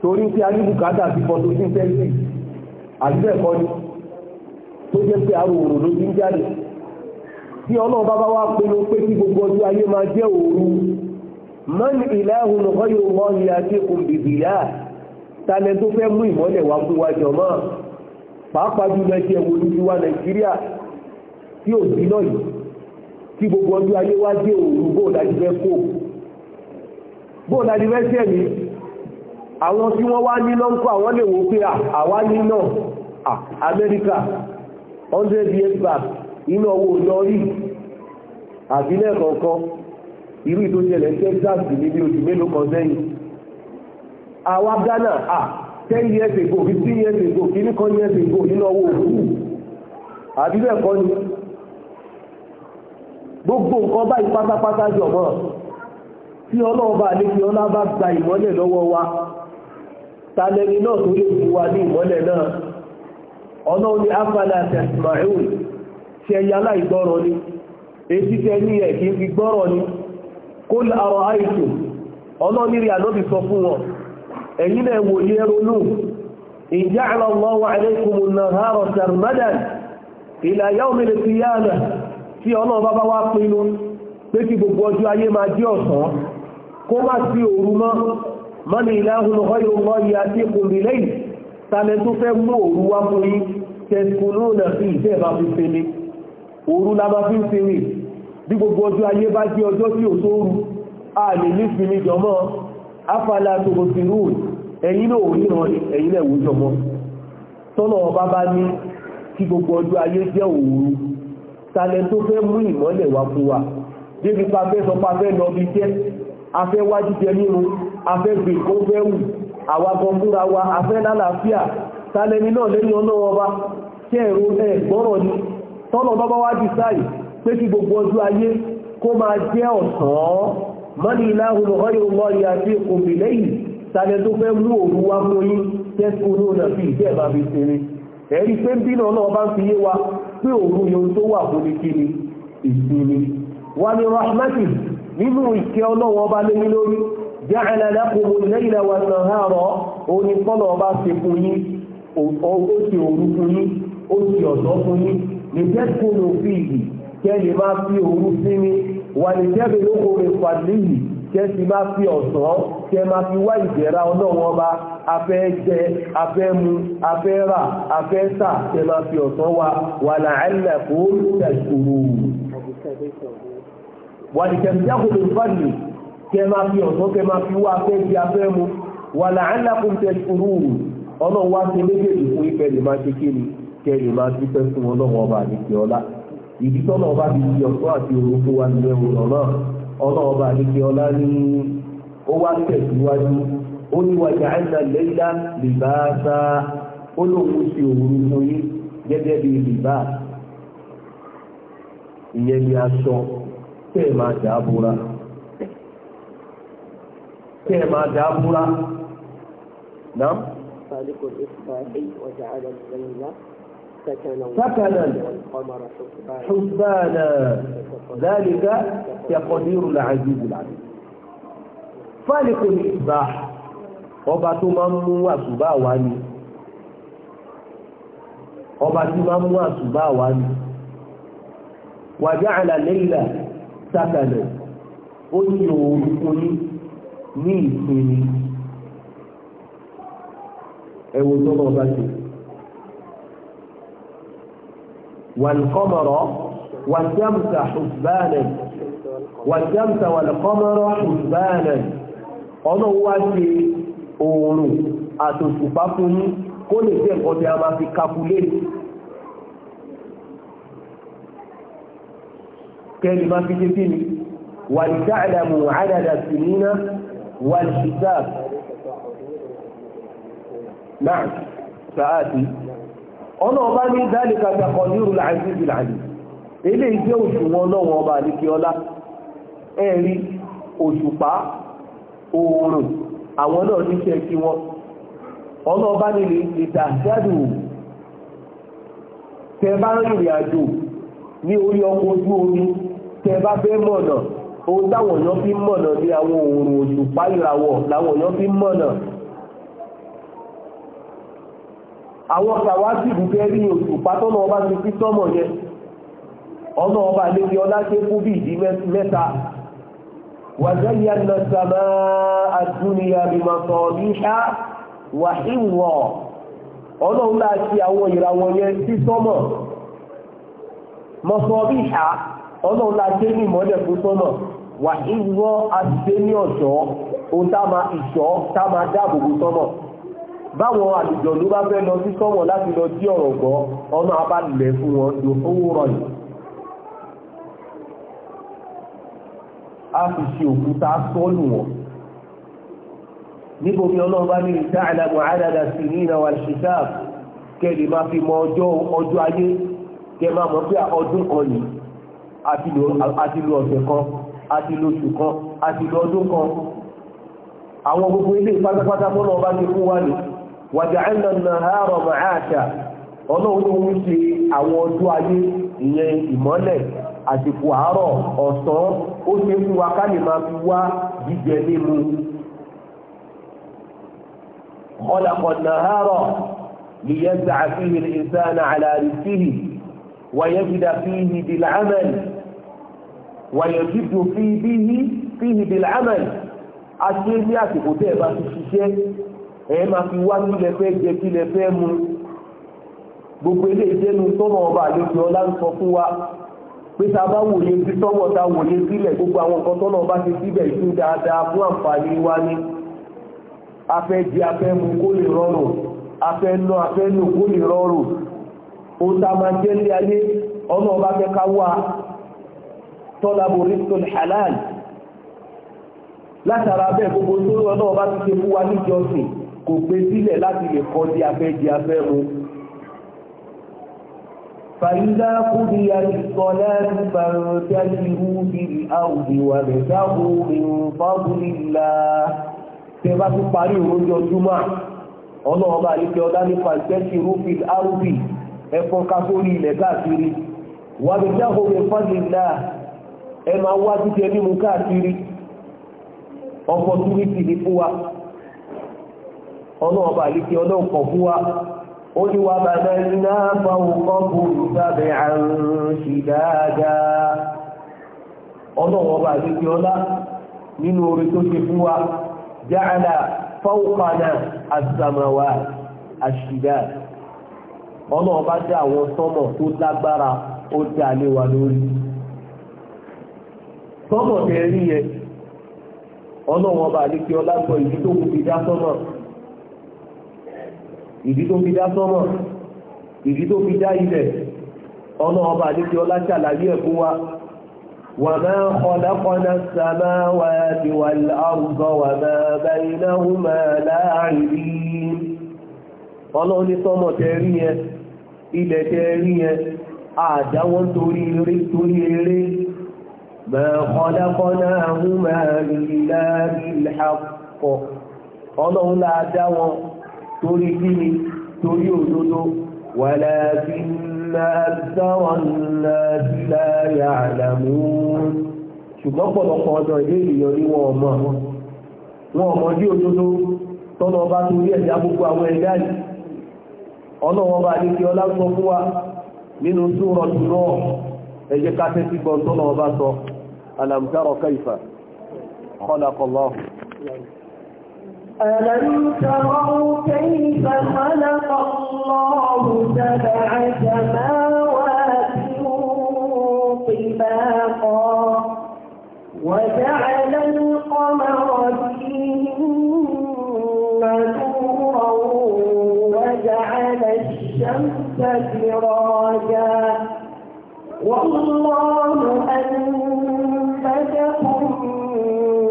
torí tí a ní bùkátà sí photosynthesis àti bẹ́ẹ̀ kọ́ ni tó jẹ́ pé àrò òòrùn ló ti ń jáde tí ọlọ́run bá bá wá pinnu pé kí gbogbo ọjọ́ ayé máa jẹ́ òru mọ́ni ìlàhùn ọ̀yọ́ wọn ni àti okùn bìbì yá talẹ̀ tó fẹ́ mú ìmọ́lẹ̀ wá fún wa jọ̀mọ́ pàápàá jùlọ ẹ̀jẹ̀ wo ni ti wá nàìjíríà tí ò sí náà tí gbogbo ọjọ́ ayé wá jẹ́ òru bóòdájú fẹ́ kó bóòdájú fẹ́ sẹ́mi àwọn tí wọ́n wá ní lọ́nkọ́ àwọn lè wò pé àwa ní náà Amẹ́ríkà 100 years back iná owó lọ́rí àbí lẹ́ẹ̀kọ̀ọ̀kan irú ìtò jẹ́lẹ̀ texas níbi oṣù mélòó kan sẹ́yìn àwa ghana à ten years ago fifteen years ago kìíní kan years ago iná owó òkú àbí lẹ́ẹ̀kọ́ ni gbogbo nǹkan báyìí pátápátá jọ̀mọ́ tí ọlọ́ọ̀bá àlejò ọlá bá gba ìmọ́lẹ̀ lọ́wọ́ wa talẹ́ni náà tó lè fún wa ní ìmọ́lẹ̀ náà ọlọ́run ni afala tí ẹ̀yin aláìgbọ́rọ̀ ni èsì tẹ ní ẹ̀ kí fi gbọ́rọ̀ ni kó àrọ̀ àìsù ọlọ́nírí ànábì sọ fún wọn ẹ̀yin náà wò yẹ ronú ìjà àlọ́wọ́ àìlẹ́kùnmù náà rọ̀ sàrùmẹ́dàn ìlà yawmi al-qiyamah tí tàlẹ́ tó fẹ́ mú òru wá fún yín tẹ̀sùn náà fi ìfẹ́ bá fi òru la máa fi ń sinmi bí gbogbo ọjọ́ ayé bá jẹ́ ọjọ́ tí ò tó rú a lè ní sinmi jọmọ́ afala tòbò sí rú ẹ̀yin náà ò ríran ọba bá ní gbogbo ọjọ́ ayé jẹ́ òru talẹ̀ tó fẹ́ mú ìmọ́lẹ̀ wá fún wa débi pa fẹ́ sọ pa fẹ́ lọ bí jẹ́ afẹ́ afẹ́ gbè kó fẹ́ wù wa afẹ́ ní tọ́lọ̀ bá bá wá di sáyì pé kí gbogbo ọjọ́ ayé kó máa jẹ́ ọ̀sán mọ́ni ìlàhùn ọ̀rẹ́ ọmọ ìyá sí òbí lẹ́yìn tàbí tó fẹ́ mú òru wá fún yín tẹ́sí wa pé òru yóò tó wà fún rahmati nínú ìkẹ́ ọlọ́wọ́ ọba lé lórí ja'ala lakumul layla wan nahara òun ni kọ́lọ̀ ọba ṣe fún yín ó ṣe òru fún yín ó ṣe ọ̀sán fún yín lìtẹ́kùnù fìhì kẹ́ lè máa fi òru sinmi wà lìtẹ́bẹ̀ lóko rẹ̀ fàdíhì kẹ́ sì máa fi ọ̀sán kẹ́ máa fi wá ìdẹ̀ra ọlọ́run ọba afẹ́ jẹ afẹ́ mu afẹ́ rà afẹ́ tà kẹ́ máa fi ọ̀sán wa wà láàlẹ̀ kó tẹ̀sùrù wà lìtẹ́bẹ̀ fàdíhì kẹ́ máa fi ọ̀sán kẹ́ máa fi wá afẹ́ jẹ afẹ́ mu wà láàlẹ̀ kó tẹ̀sùrù ọlọ́run wá ṣe méjèèjì fún ìfẹ́ lè máa ṣe kí kẹ́lẹ̀ máa dúpẹ́ fún ọlọ́run ọba àdìkẹ́ ọlá ìdí tọ́nà ọba ti di ọ̀tọ́ àti òru fún wa nílẹ̀ òrùn náà ọlọ́run ọba àdìkẹ́ ọlá ní ó wá tẹ̀síwájú ó ní wájà àìsàn lẹ́yìnlá lìbáṣá ó lóun ṣe òru fún yín gẹ́gẹ́ bí lìbá ìyẹn ni aṣọ tẹ́ ẹ̀ máa dà á búra tẹ́ ẹ̀ máa dà á búra náà. سكنا حسبانا ذلك تقدير العزيز العليم فالق الإصباح ọba tó máa ń mú àsùbá wá ni ọba tó máa ń mú àsùbá wá ni wàjáàlà lẹ́yìnlá sákàlẹ̀ ó ní òun oní ní ìsinmi ẹ̀wọ̀n tó náà bá ṣe. والقمر والشمس حسبانا والشمس والقمر حسبانا ọlọ́run wá ṣe oòrùn àtòṣùpá fún yín kó lè jẹ́ nǹkan tí a máa fi calculate kẹ́lì máa fi ṣe kí ni wàlìtàdàmù àdàdà sí níná wàlìṣìṣà náà sáà sí ọ̀nà ọba ní dhalika taqdiru al-aziz al-alim ilé ìgbé òṣùwọ̀n ọlọ́wọ̀n ọba àdíkí ọlá ẹ̀rí òṣùpá oòrùn àwọn náà níṣẹ́ kí wọ́n ọ̀nà ọba ní ìtàjádù tẹ bá rìnrìn àjò ní orí ọkọ̀ ojú omi tẹ bá fẹ́ mọ̀nà ohun táwọn èèyàn fi mọ̀nà ní àwọn oòrùn òṣùpá ìràwọ̀ làwọn èèyàn fi mọ̀nà àwọn tàwátìbù fẹ́ rí òṣùpá tọ́nà ọba ti fi sọ́mọ̀ yẹn ọ̀nà ọba lébi ọlá ṣe kú bí ìdí mẹ́ta wàjẹ́yà lọ sàmà àdúnìyà rìmọ̀tọ̀ níhá wàhíwọ̀ ọlọ́run náà ṣe àwọn ìràwọ̀ yẹn sí sọ́mọ̀ mọ̀sọ̀ níhá ọlọ́run náà ní ìmọ́lẹ̀ fún sọ́mọ̀ wàhíwọ̀ àti ṣe ní ọ̀ṣọ́ báwọn àlùjọ ló bá fẹ́ lọ sí sọ́wọ́n láti lọ dí ọ̀rọ̀ gbọ́ ọmọ abá lẹ̀ fún wọn lò fówó rọ̀yìn a fi ṣe òkúta sọ́ọ̀lù wọn níbo ni ọlọ́run bá ní ìta àdàmú àdàdà sí ní ìnáwó àṣìṣà kẹ́lì máa fi mọ ọjọ́ ọjọ́ ayé kẹ máa mọ̀ pé ọdún kan yìí àti lo ọ̀sẹ̀ kan àti lo oṣù kan àti lo ọdún kan àwọn gbogbo ilé ìpátápátá mọ́nà ọba ti fún wa nìyí wàjàánà nàhárọ̀ màáṣà ọlọ́run ń ṣe àwọn ọdún ayé ìyẹn ìmọ́lẹ̀ àsìkò àárọ̀ ọ̀sán ó ṣe fún wa ká lè máa fi wá jíjẹ mímu ọlọ́kọ̀ nàhárọ̀ ليزع فيه الإنسان على رزقه ويجد فيه ní àsìkò ẹ máa fi wá nílẹ̀ fẹ́ jẹ kílẹ̀ fẹ́ mu gbogbo ilé ìjẹnu tọ́nà ọba àlejò ọlá ń sọ fún wa pé tá a bá wòye sí tọ́wọ́ tá a wòye sílẹ̀ gbogbo àwọn nǹkan tọ́nà ọba ti síbẹ̀ ìlú dáadáa fún àǹfààní wa ni afẹ́ jẹ afẹ́ mu kó lè rọrùn afẹ́ ná afẹ́ lò kó lè rọrùn ohun tá a máa jẹ́ ní ayé ọ̀nà ọba fẹ́ ká wá tọ́lábù rizqul halal látara bẹ́ẹ̀ gbogbo tó lọ́nà ọba ti ṣe fún wa níjọ́sìn kò gbé sílẹ̀ láti lè kọ́ di afẹ́ di afẹ́ mu. فإذا قضي الصلاة فانتشروا في الأرض وابتغوا من فضل الله tẹ bá tún parí òrójọ júmọ́ ọlọ́ọ̀bá àríkẹ́ ọdá ní fàṣẹ́ṣirú fi áùbì ẹ̀fọn kásórí ilẹ̀ káàkiri wà ní jáhùn rẹ̀ fàdìlá ẹ máa wá títẹ mímú káàkiri opportunity ní fún wa ọlọ́wọ́ bá lè kí kọ̀ fún wa ó ní wa bàbá iná fáwọn kọ́kù sábẹ̀ àrùn sí dáadáa ọlọ́wọ́ bá lè ọlá nínú orí tó ṣe fún wa jáàlá fáwọ́pàá àzàmàwà àṣìdá ọlọ́wọ́ bá dá ìdí tó fi dá sọ́mọ̀ ìdí tó fi dá ilẹ̀ ọ̀nà ọba àdékè ọlá ṣàlàyé ẹ̀ fún wa wà máa ń kọ́dá kọ́dá sàmá wà ti wà láwùjọ wà máa bá iná hù máa láàrín ọlọ́run ní sọ́mọ̀ tẹ rí yẹn ilẹ̀ tẹ rí yẹn àdáwọ́ torí eré torí eré máa kọ́dá kọ́dá hù máa rí láàrín ìlà ọlọ́run láàdáwọ́ torí kíni torí òdodo wàlàkínà àtàwọn nàìjíríà yàlámù ṣùgbọ́n pọ̀lọpọ̀ ọ̀dọ̀ ilé ènìyàn ní wọn ọmọ wọn ọmọ dí tọ́nà ọba torí ẹ̀dá gbogbo àwọn ẹ̀dá yìí ọlọ́wọ́n bá ní sọ fún wa nínú náà sọ ألم تروا كيف خلق الله سبع سماوات طباقا وجعل القمر فيهن نورا وجعل الشمس سراجا والله أنبتكم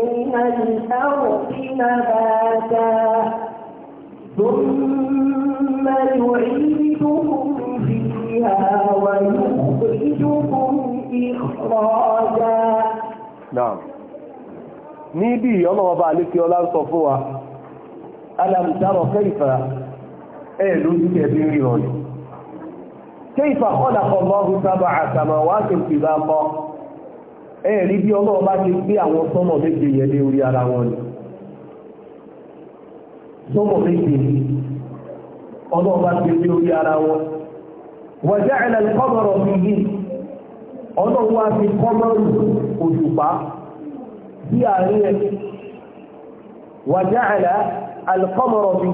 من الأرض نباتا Na ثم يعيدكم فيها ويخرجكم إخراجا نعم níbí ọlọ́wọ́ bá alékí ọlá ń sọ fún wa alamtaro kẹfà ẹ̀ lójú kẹbí ríran yìí kẹfà kọ́làkọ̀ bí ti gbé àwọn sọ́mọ̀ méje ọlọ́ọ̀bá ti fi orí ara wọn wọ̀já ìlànà kọ́mọ̀rọ̀ mi fi kọ́mọ̀rù òṣùpá sí àárín ẹ̀ wọ̀já ìlà alkọ́mọ̀rọ̀ mi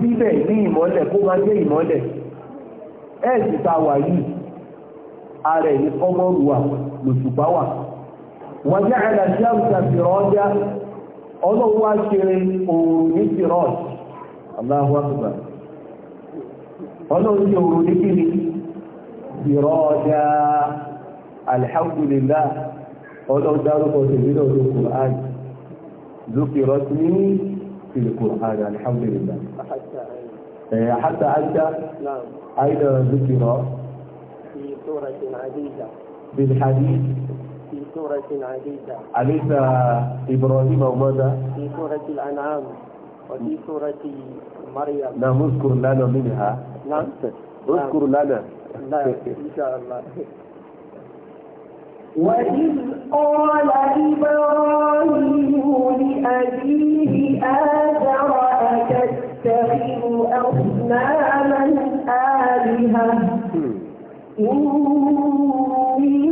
fi síbẹ̀ ní ìmọ́lẹ̀ kó máa jẹ́ ìmọ́lẹ̀ ẹ̀ ta wà yìí ara ẹ̀ ọlọ́run wá ṣe òòrùn ní sirọ́ọ̀t aláhùn àtùbà ọlọ́run ṣe òòrùn ní kíni sirọ́ọ̀dá alhamdulillah ọlọ́run dárúkọ tèmínà ló kùrán lókèrọ ní kùrán alhamdulillah حتى أنت أين ذكر في سورة عديدة في سورة عديدة أليس إبراهيم ماذا؟ في سورة الأنعام وفي سورة مريم نعم اذكر لنا منها نعم اذكر نعم. لنا نعم إن شاء الله وإذ قال إبراهيم لأبيه آثر أتتخذ أصناما آلهة إني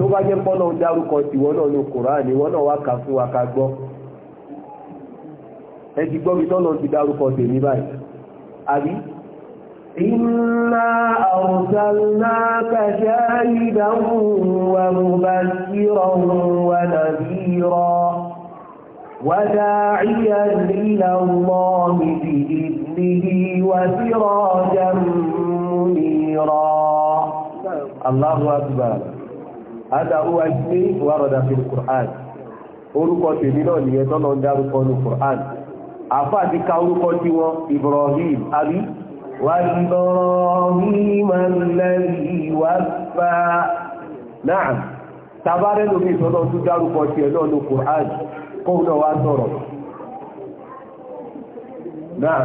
tó bá jẹ́ pọ́nà dárúkọ tìwọ́ náà ní Kùránì wọ́n náà wá kà fún wa ká gbọ́ ẹ ti gbọ́ mi tọ́nà ti dárúkọ tèmi báyìí àbí. Inna arsalnaka shahidan wa mubashiran wa nadhira wa da'iyan ila Allahi bi idnihi wa sirajan munira. Allahu akbar ada huwa ismi warada fil Qur'an orúkọ tèmi náà nìyẹn tọ́nà ń dárúkọ ní Qur'an àfa àti ka orúkọ tí wọn Ibrahim àbí wàlúùrọ̀hìn màlẹ́rì wàfà náà tabarẹ́ lómi ìtọ́nà tún dárúkọ tiẹ̀ náà ní Qur'an kóun náà wá sọ̀rọ̀ náà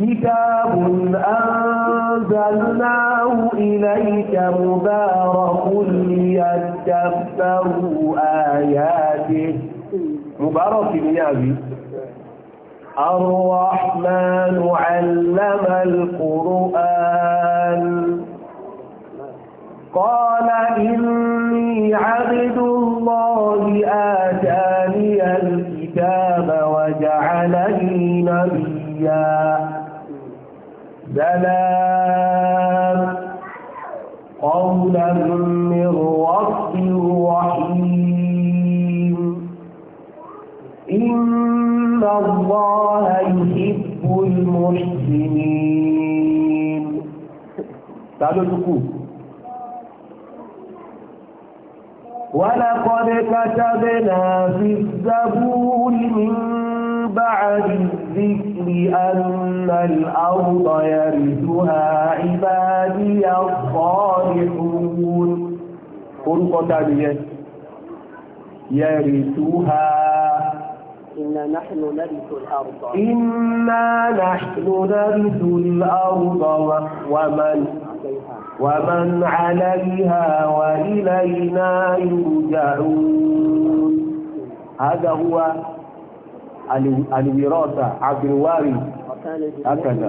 كتاب أنزلناه إليك مبارك ليتدبروا آياته مبارك يا أبي الرحمن علم القرآن قال إني عبد الله آتاني الكتاب وجعلني نبيا سلام قولا من رب رحيم إن الله يحب المحسنين تعالوا شكوا ولقد كتبنا في الزبور من بعد الذكر أن الأرض يرثها عبادي الصالحون قل tàbí يرثها إنا نحن نرث الأرض إنا نحن نرث الأرض ومن ومن عليها وإلينا يرجعون هذا هو alìwìrọ́ta àgbèrèwárì akàdà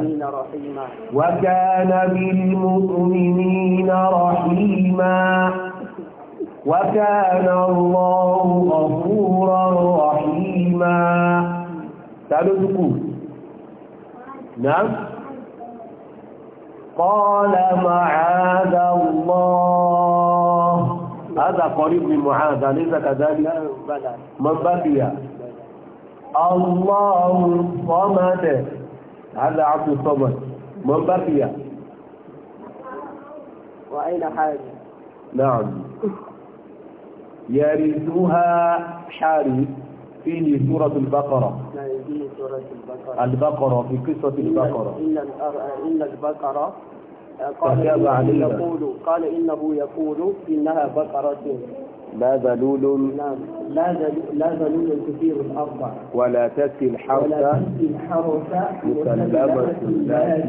wákàánà bílmùmìnà rọ̀hìmá wákàánà lọ́wọ́ ọ̀fúrọ̀ rọ̀hìmá tàbí نعم قال معاذ الله هذا قريب من معاذ ليس كذلك من بقي الله الصمد هذا عبد الصمد من بقي وأين حاج نعم يرثها حالي في سورة البقرة في سورة البقرة البقرة في قصة البقرة إن إن البقرة قال إنه يقول قال إنه يقول إنها بقرة لا ذلول لا لا ذلول كثير الأرض ولا تسقي الحرث ولا الحرث مسلمة لا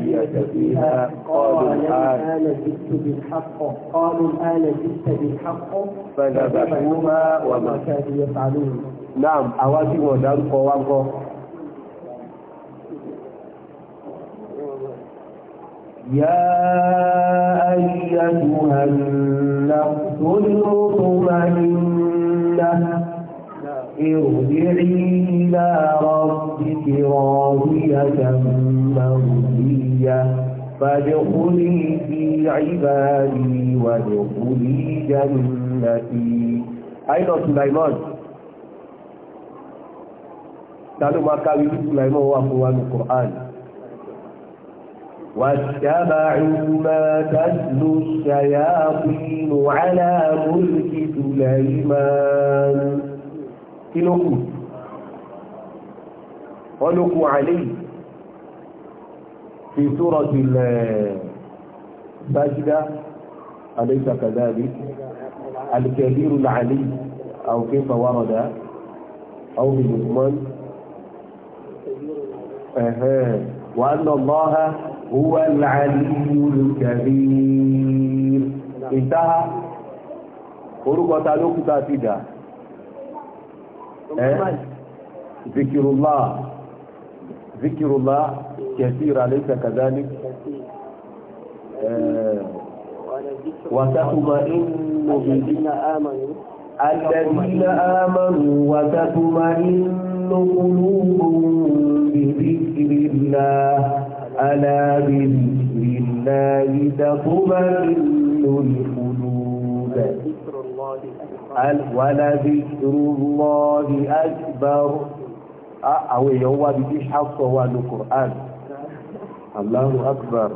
فيها قالوا الآن جئت بالحق قالوا الآن جئت بالحق فذبحوها وما كانوا يفعلون نعم أواتي ودرق وانقر يا أيتها النفس المطمئنة ارجعي إلى ربك راضية مرضية فادخلي في عبادي وادخلي جنتي أين سليمان؟ تعالوا ما كان يقول سليمان هو أخوان القرآن واتبعوا ما تتلو الشياطين على ملك سليمان كنقوا ونقوا عليه في سورة السجدة أليس كذلك الكبير العلي أو كيف ورد أو بلقمان أها وأن الله هو العلي الكبير انتهى orúkọ ta ló kúta ti dà ẹ́ zikirullah zikirullah kẹsíra lẹ́sẹ̀ kàdání wàtàkùmá inú bìdínà ámàlú الذين آمنوا وتطمئن قلوبهم بذكر الله ألا بذكر الله تطمئن القلوب ولذكر الله أكبر آه، أو هو بديش حفظه هو القرآن الله أكبر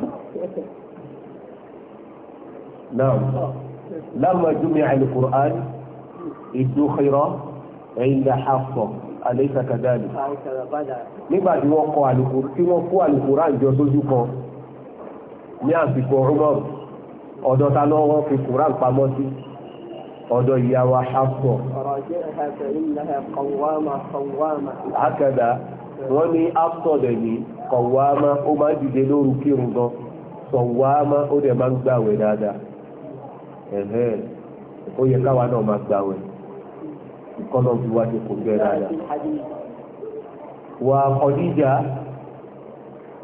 نعم لما جمع القرآن ادخر عند حفصه àlẹ́sà kàdáàlì nígbà tí wọ́n kọ àlùkùránì tí wọ́n kó àlùkùránì àjọ sójú kan ní àsìkò Umar ọ̀dọ̀ ta náà wọ́n fi kùránì pamọ́ sí ọ̀dọ̀ ìyàwó Hafsa akẹ́dà wọ́n ní Hafsa dẹ̀ ní kọ̀wáámá ó máa ń dìde lóru gan kọ̀wáámá ó dẹ̀ máa ń gbàwẹ̀ dáadáa ẹ̀hẹ́ ó yẹ káwa náà máa gbàwẹ̀ ìkọ́nà fi wá ṣe kò gbẹ dáadáa. wà Khadija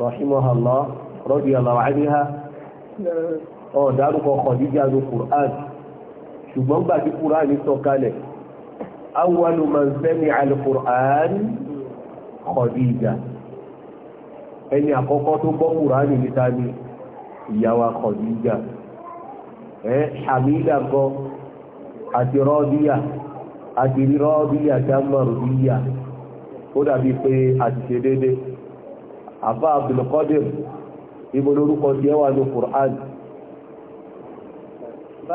rahimahullah radiyallahu anha ọ̀ dárúkọ Khadija ló Qur'an ṣùgbọ́n gbà tí Qur'an sọ kalẹ̀ awwalu man sami'a al-Qur'an Khadija ẹni àkọ́kọ́ tó gbọ́ Qur'an níta ni ìyàwó Khadija ẹ̀ Hamida gan àti Radiya àti rírọ́ bílí àti àmọ́rù bíyà ó dàbí pé a ti ṣe dédé àfá abdulkadir ibo lórúkọ tí ẹ wà ní Qur'an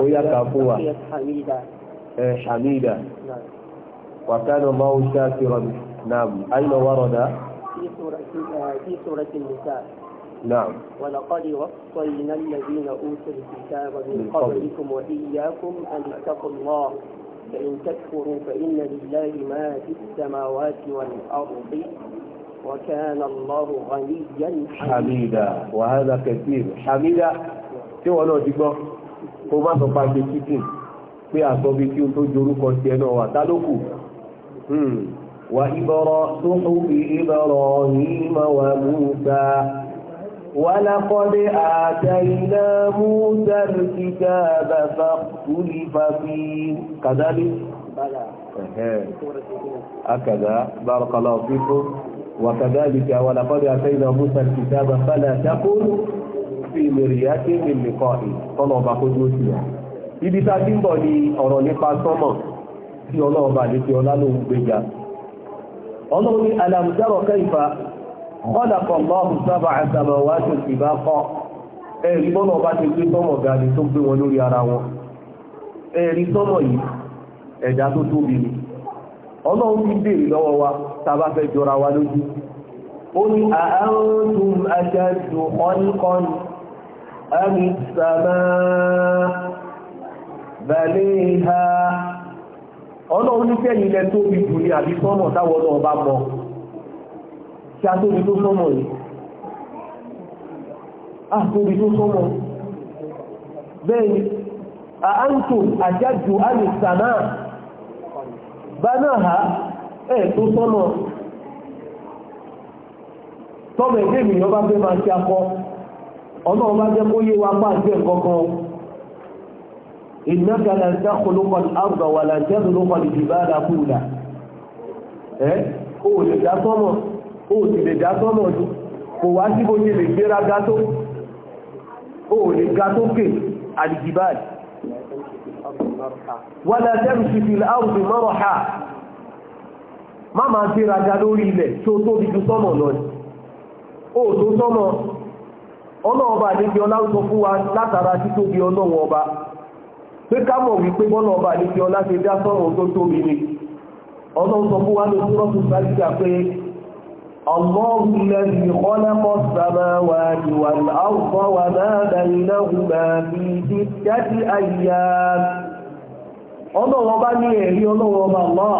ó yàtà fún wa ẹ hamida wàtánà máa ń ṣàkíran náà àìmọ̀ wàrọ̀dá في سورة نعم ولقد وصينا الذين أوتوا الكتاب من قبلكم وإياكم أن اتقوا الله فإن تكفروا فإن لله ما في السماوات والأرض وكان الله غنيا حميدا وهذا كثير حميدا كيف أنه تقول كما تقول كتين في أصابي كيون تجورو كتين وتلوكو وإبراء صحو وموسى ولقد آتينا موسى الكتاب فاختلف فيه كذلك هكذا بارك الله فيكم وكذلك ولقد آتينا موسى الكتاب فلا تكن في مرية من لقائه طلب قدوسنا ibi tá a ti ń bọ̀ ni ọ̀rọ̀ nípa sọ́mọ̀ tí ọlọ́ọ̀bà àti ọlá ló ń gbéjà ọlọ́run ní alamjaro kẹfà kọ́dàkọ̀ lọ́hùn sábà àtàbà wá ẹ̀rí bọ́nà ọba ti gbé sọ́mọ̀ ga tó gbé wọn lórí ara wọn ẹ̀rí sọ́mọ̀ yìí ẹ̀dá tó tóbi ni ọlọ́run ti béèrè lọ́wọ́ wa a bá fẹ́ jọra wa lójú ó ní àmì sàmà ha ọlọ́run ní kẹ́yìn lẹ tóbi jù ní àbí táwọn ọba kí a tóbi tó sọ́mọ̀ yìí a tóbi tó sọ́mọ̀ bẹ́ẹ̀ni a ń tò àjájú alìsànà bá náà ha ẹ̀ tó sọ́mọ̀ tọ́mọ̀ ẹ̀dẹ́ ènìyàn bá fẹ́ máa ṣe akọ ọ̀nà ọba jẹ́ kó yé wa bá jẹ́ kankan ìnáka la ń dákòlókọ̀ àrùbà wà la ń jẹ́ lókọ̀ ìdìbà àdàkùnlà ẹ́ o lè dá sọ́mọ̀ o lè dá sọ́nà ọdún kò wá sí bó ṣe lè gbéra ga tó ó lè ga tókè àdìjìbáàdì wà látẹ́rù sí fi láàrùn mọ́rọ̀ ha má máa gbéra ga lórí ilẹ̀ tó tóbi ju sọ́nà lọ ó tó sọ́nà ọlọ́ọba àdéjọ láwùsọ fún wa látara títóbi ọlọ́wọ́ ọba pé ká mọ̀ wípé ọba dá sọ́nà tó ni sọ fún wa rọ́pù الله الذي خلق السماوات والأرض وما بينهما في ستة أيام ọlọ́wọ́ bá ní ẹ̀rí ọlọ́wọ́ bá lọ́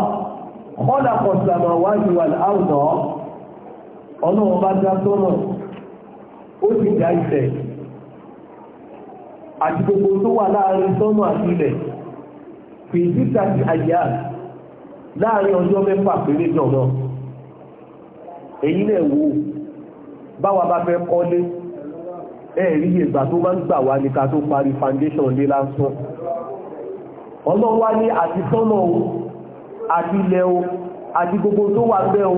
kọ́lápọ̀ sàmàwájú wà láwùdọ́ ọlọ́wọ́ bá dá sọ́nà ó sì dá ìfẹ́ àti gbogbo tó wà láàrin sọ́nà àti ilẹ̀ fèsì tàbí àyà láàrin ọjọ́ mẹ́fà péré jọ̀nà èyí náà wo báwa bá fẹ́ kọ́lé ẹ̀rí ìgbà tó máa ń gbà wá ní ká tó parí foundation lé lásán ọlọ́run wá ní àti sọ́nà o àti ilẹ̀ o àti gbogbo tó wà bẹ́ o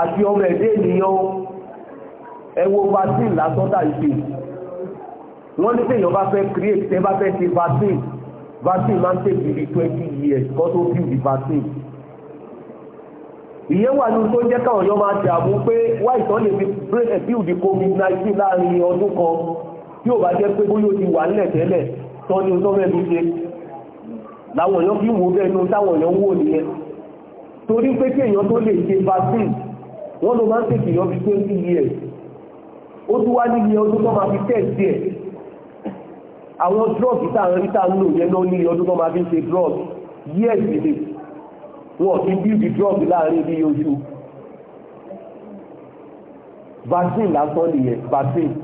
àti ọmọ ẹ̀dẹ́ ènìyàn o ẹwọ vaccine lásán tàìsí wọ́n ní tèèyàn bá fẹ́ create tẹ́ bá fẹ́ ṣe vaccine vaccine máa ń tèèyàn 20 years kó tó build the vaccine ìyẹn wà ní tó jẹ́ káwọn èèyàn máa dààmú pé wá ìtàn lè fi bíùdì covid nineteen láàrin ọdún kan tí ò bá jẹ́ pé bóyá ti wà nílẹ̀ tẹ́lẹ̀ tọ́ ni o fẹ́ẹ́ fi ṣe làwọn èèyàn fi wò bẹ́ẹ̀ nu táwọn èèyàn wò nìyẹn torí pé kí èèyàn tó lè ṣe vaccine wọ́n ló máa ń tètè fi years ó tún wá ọdún tó máa fi ẹ̀ àwọn ń lò yẹn ní ọdún tó fi ṣe years wọ́n kí bí ibi drug láàrin bí oṣù vaccine lásán nìyẹn vaccine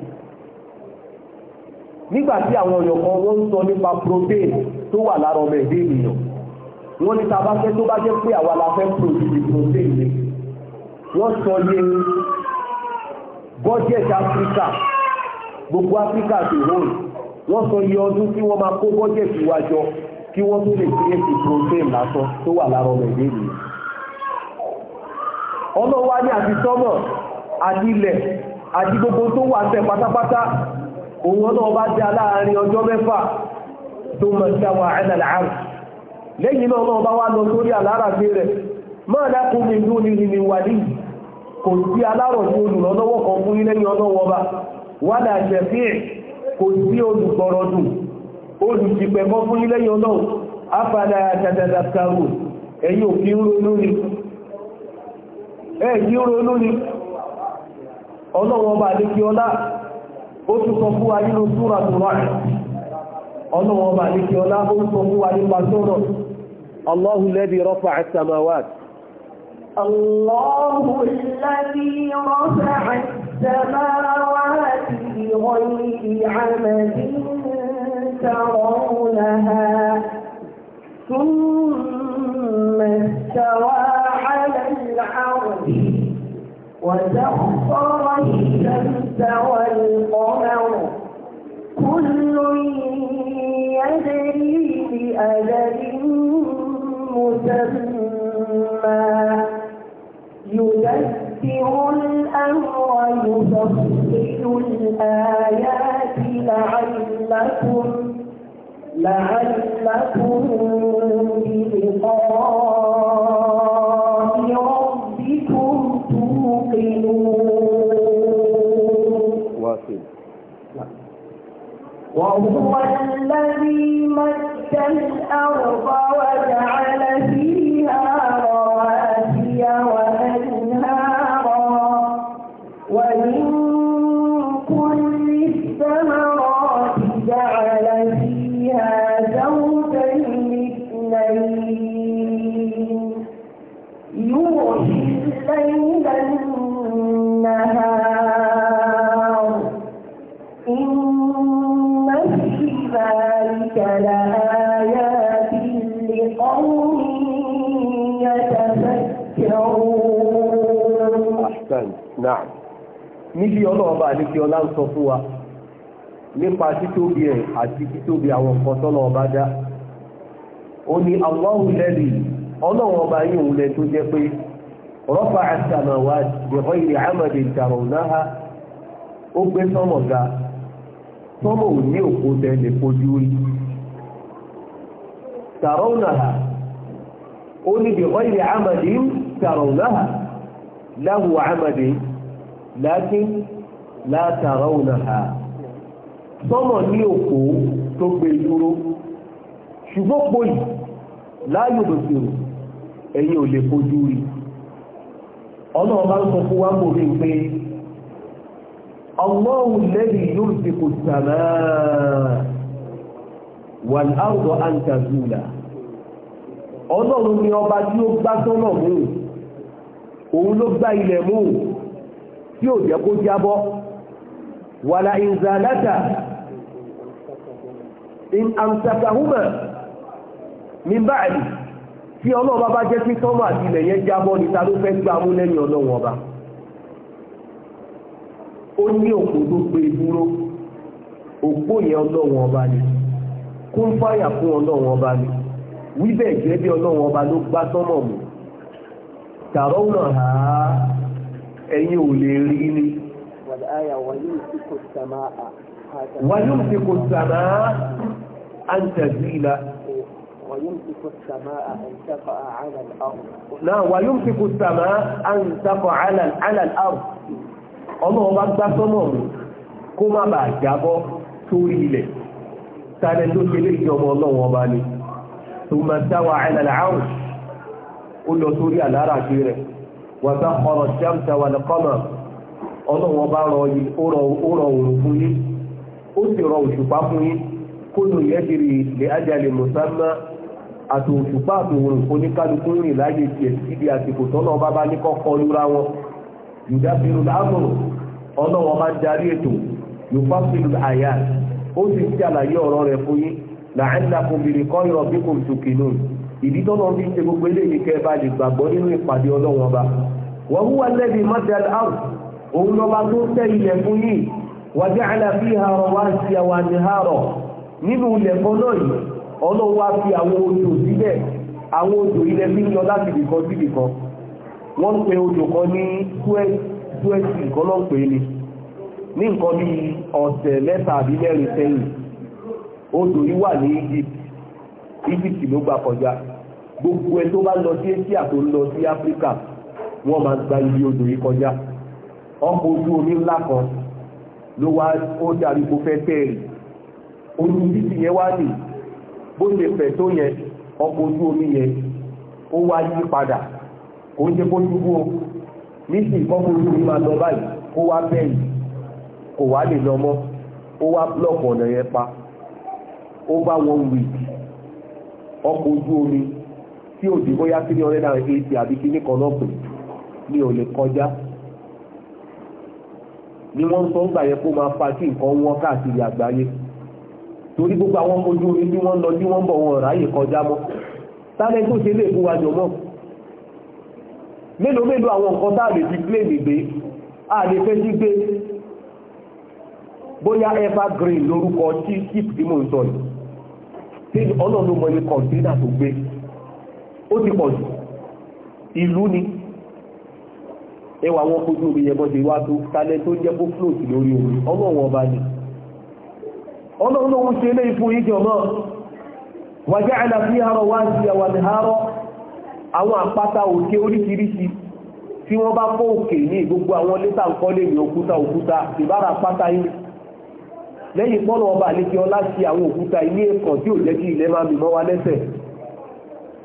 nígbà tí àwọn ọ̀yọ̀ kan wọ́n ń sọ nípa protein tó wà lára ọmọ ẹ̀dẹ́ ènìyàn wọ́n ní tabafẹ́ tó bá jẹ́ pé àwa la fẹ́ produce protein ni wọ́n sọ yé budget Africa gbogbo Africa ti hàn wọ́n sọ yé ọdún tí wọ́n máa kó budget wájọ kí wọ́n tó lè kí èsì protein lásán tó wà lára ọmọ ìdí ènìyàn ọlọ́wà ní àti sọ́mọ̀ àti ilẹ̀ àti gbogbo tó wà tẹ pátápátá òun ọlọ́wọ́ bá dá ọjọ́ mẹ́fà tó mọ̀ sí àwọn àrùn lẹ́yìn náà wá lọ sórí rẹ̀ máa ní wà ní kò sí O mọ́ fún ilé yọ náà afada tàtàtàkàrù ẹ̀yìn òfin ronú ni ẹ̀yìn ronú ni ọlọ́wọ́n bá lè ọlá ó tún sọ fún wa nínú súra tó rà ọlọ́wọ́n bá lè ọlá ó sọ fún wa ترونها ثم استوى على العرش وسخر الشمس والقمر كل يدري بأجل مسمى يدبر الأمر يفصل الآيات لعلكم لعلكم بلقاء ربكم توقنون وهو الذي مد الأرض وجعل فيها níbi ọlọ́ọ̀bá àlékí ọlá ń sọ fún wa nípa títóbi ẹ̀ àti títóbi àwọn nǹkan tọ́lọ ọba dá ó dị Allahu ọlọ́wọ́ ọba yìí òun lẹ tó jẹ́ pé rọ́fà àtàmàwà bẹ̀rọ ilẹ̀ àmàdé ìjàrọ̀ náà ó gbé sọ́mọ̀ ga sọ́mọ̀ ò ní òkú tẹ́lẹ̀ fojú rí ó ní ilẹ̀ lakin la tarawnaha sọ́mọ̀ ní òpó tó gbé dúró ṣùgbọ́n pòyì láàyò bòsèrò ẹ̀yin ò lè fojú rí ọlọ́run bá ń sọ fún wa ń bòrí pé ọlọ́run lẹ́bi yóò ti kò sàmà wà láwùjọ àǹtàzùlà ọlọ́run ni ọba tí ó gbá sọ́nà mú òun ló gbá ilẹ̀ mú tí ò jẹ́ kó jábọ́ wàlà ìzàlátà àmsàkàhùmà ní báyìí tí ọlọ́ọ̀bá bá jẹ́ sí sọ́mọ̀ àti ilẹ̀ yẹn jábọ́ ní ta ló fẹ́ gbá mú lẹ́yìn ọlọ́wọ́n ọba ó ní òpó tó gbé e dúró òpó yẹn ọlọ́wọ́n ọba ni kún fáyà fún ọlọ́wọ́n ọba ni wíbẹ̀ jẹ́ bí ọlọ́wọ́n ọba ló gbá sọ́mọ̀ mú tààrọ́ náà hàá ẹ̀yin ò lè rí ni. wàyúù ti kò sàmà àǹtẹ̀zílà. ويمسك السماء أن تقع على الأرض لا ويمسك السماء أن تقع على على الأرض ọlọ́run bá gbá sọ́nà mú kó má bàa jábọ́ sórí ilẹ̀ sáré ló ṣe léṣe ọmọ ọlọ́run ọba ni tó máa àìlàlà áwùn ó lọ sórí àláràṣe rẹ̀ wàtá ọrọ ṣẹ́mta wà lẹ́kọ́nà ọlọ́wọ́ bá rọ òòrùn fún yín ó sì rọ òṣùpá fún yín kúlù yẹ́dìrì lè ájàlè mùsàmá àti òṣùpá àti òòrùn oníkálukú rìn láyé tiẹ̀ síbi àsìkò tọ́nà ọba bá ní kọ́kọ́ lura wọn yùdáfínú láàmùrù ọlọ́wọ́ bá ń darí ètò yùfáfínú àyà ó sì ń fún kò ìdí ṣe gbogbo eléyìí kẹ́ bá lè gbàgbọ́ وهو الذي مد الأرض وهو مطور تيلي فني وجعل فيها رواسي وانهارا nínú ilẹ̀ kan wá fi àwọn odò sílẹ̀ àwọn odò ilẹ̀ fi láti ibìkan sí ibìkan wọ́n ń pe odò kan ní túwẹ́sì nǹkan pè ní ní nǹkan bí ọ̀sẹ̀ mẹ́ta àbí mẹ́rin sẹ́yìn wà ní Egypt Egypt ló gbà kọjá gbogbo ẹ tó bá lọ sí Asia tó ń wọ́n máa gba ibi odò yìí kọjá ọkọ̀ ojú omi ńlá kan ló wá ó dàrí kó fẹ́ tẹ́ẹ̀rì omi títì yẹn wá nì bó ṣe fẹ̀ tó yẹn ọkọ̀ ojú omi yẹn ó wá yí padà kò ń jẹ́ kó dúró nísì ìkọ́kọ̀ ojú omi máa lọ báyìí kó wá bẹ́yìí kò wá lè lọ mọ́ ó wá búlọ̀kù ọ̀nà yẹn pa ó bá wọn wì ọkọ̀ ojú omi tí òdìbó yá sí ní ọ̀rẹ́dà èsì àbí kíní kan náà pè é mi ò lè kọjá ni wọ́n sọ ń gbà yẹ kó máa fa sí nǹkan wọn káàkiri àgbáyé torí gbogbo àwọn ọmọ ojú omi tí wọ́n lọ tí wọ́n bọ̀ wọn ráyè kọjá mọ́ sálẹ̀ tó ṣe lè fún wa jọ mọ́ mélòó mélòó àwọn nǹkan tá a lè fi plé nìgbé a lè fẹ́ sí gbé bóyá evergreen lórúkọ tí chip tí mò ń sọ yìí tí ọlọ́run mọ ní kọ̀ǹtínà tó gbé ó ti pọ̀ jù ìlú ni ẹwà wọn kojú omi yẹn bọ́dé wá tó talẹ́ tó jẹ́ kó float lórí omi ọmọ wọn bá ní ọlọ́run ló ń ṣe ilé ìfún yìí jọ náà wàjá àlàfíà àárọ̀ wá sí àwọn àdìhárọ̀ àwọn àpáta òkè oríṣiríṣi tí wọ́n bá kọ́ òkè ní gbogbo àwọn létà ńkọ́lé ní òkúta òkúta ìbára pátá yìí lẹ́yìn pọ́nà ọba àlejò ọlá sí àwọn òkúta ilé ẹ̀kan tí ò jẹ́ ilẹ̀ máa mì mọ́ wa lẹ́sẹ̀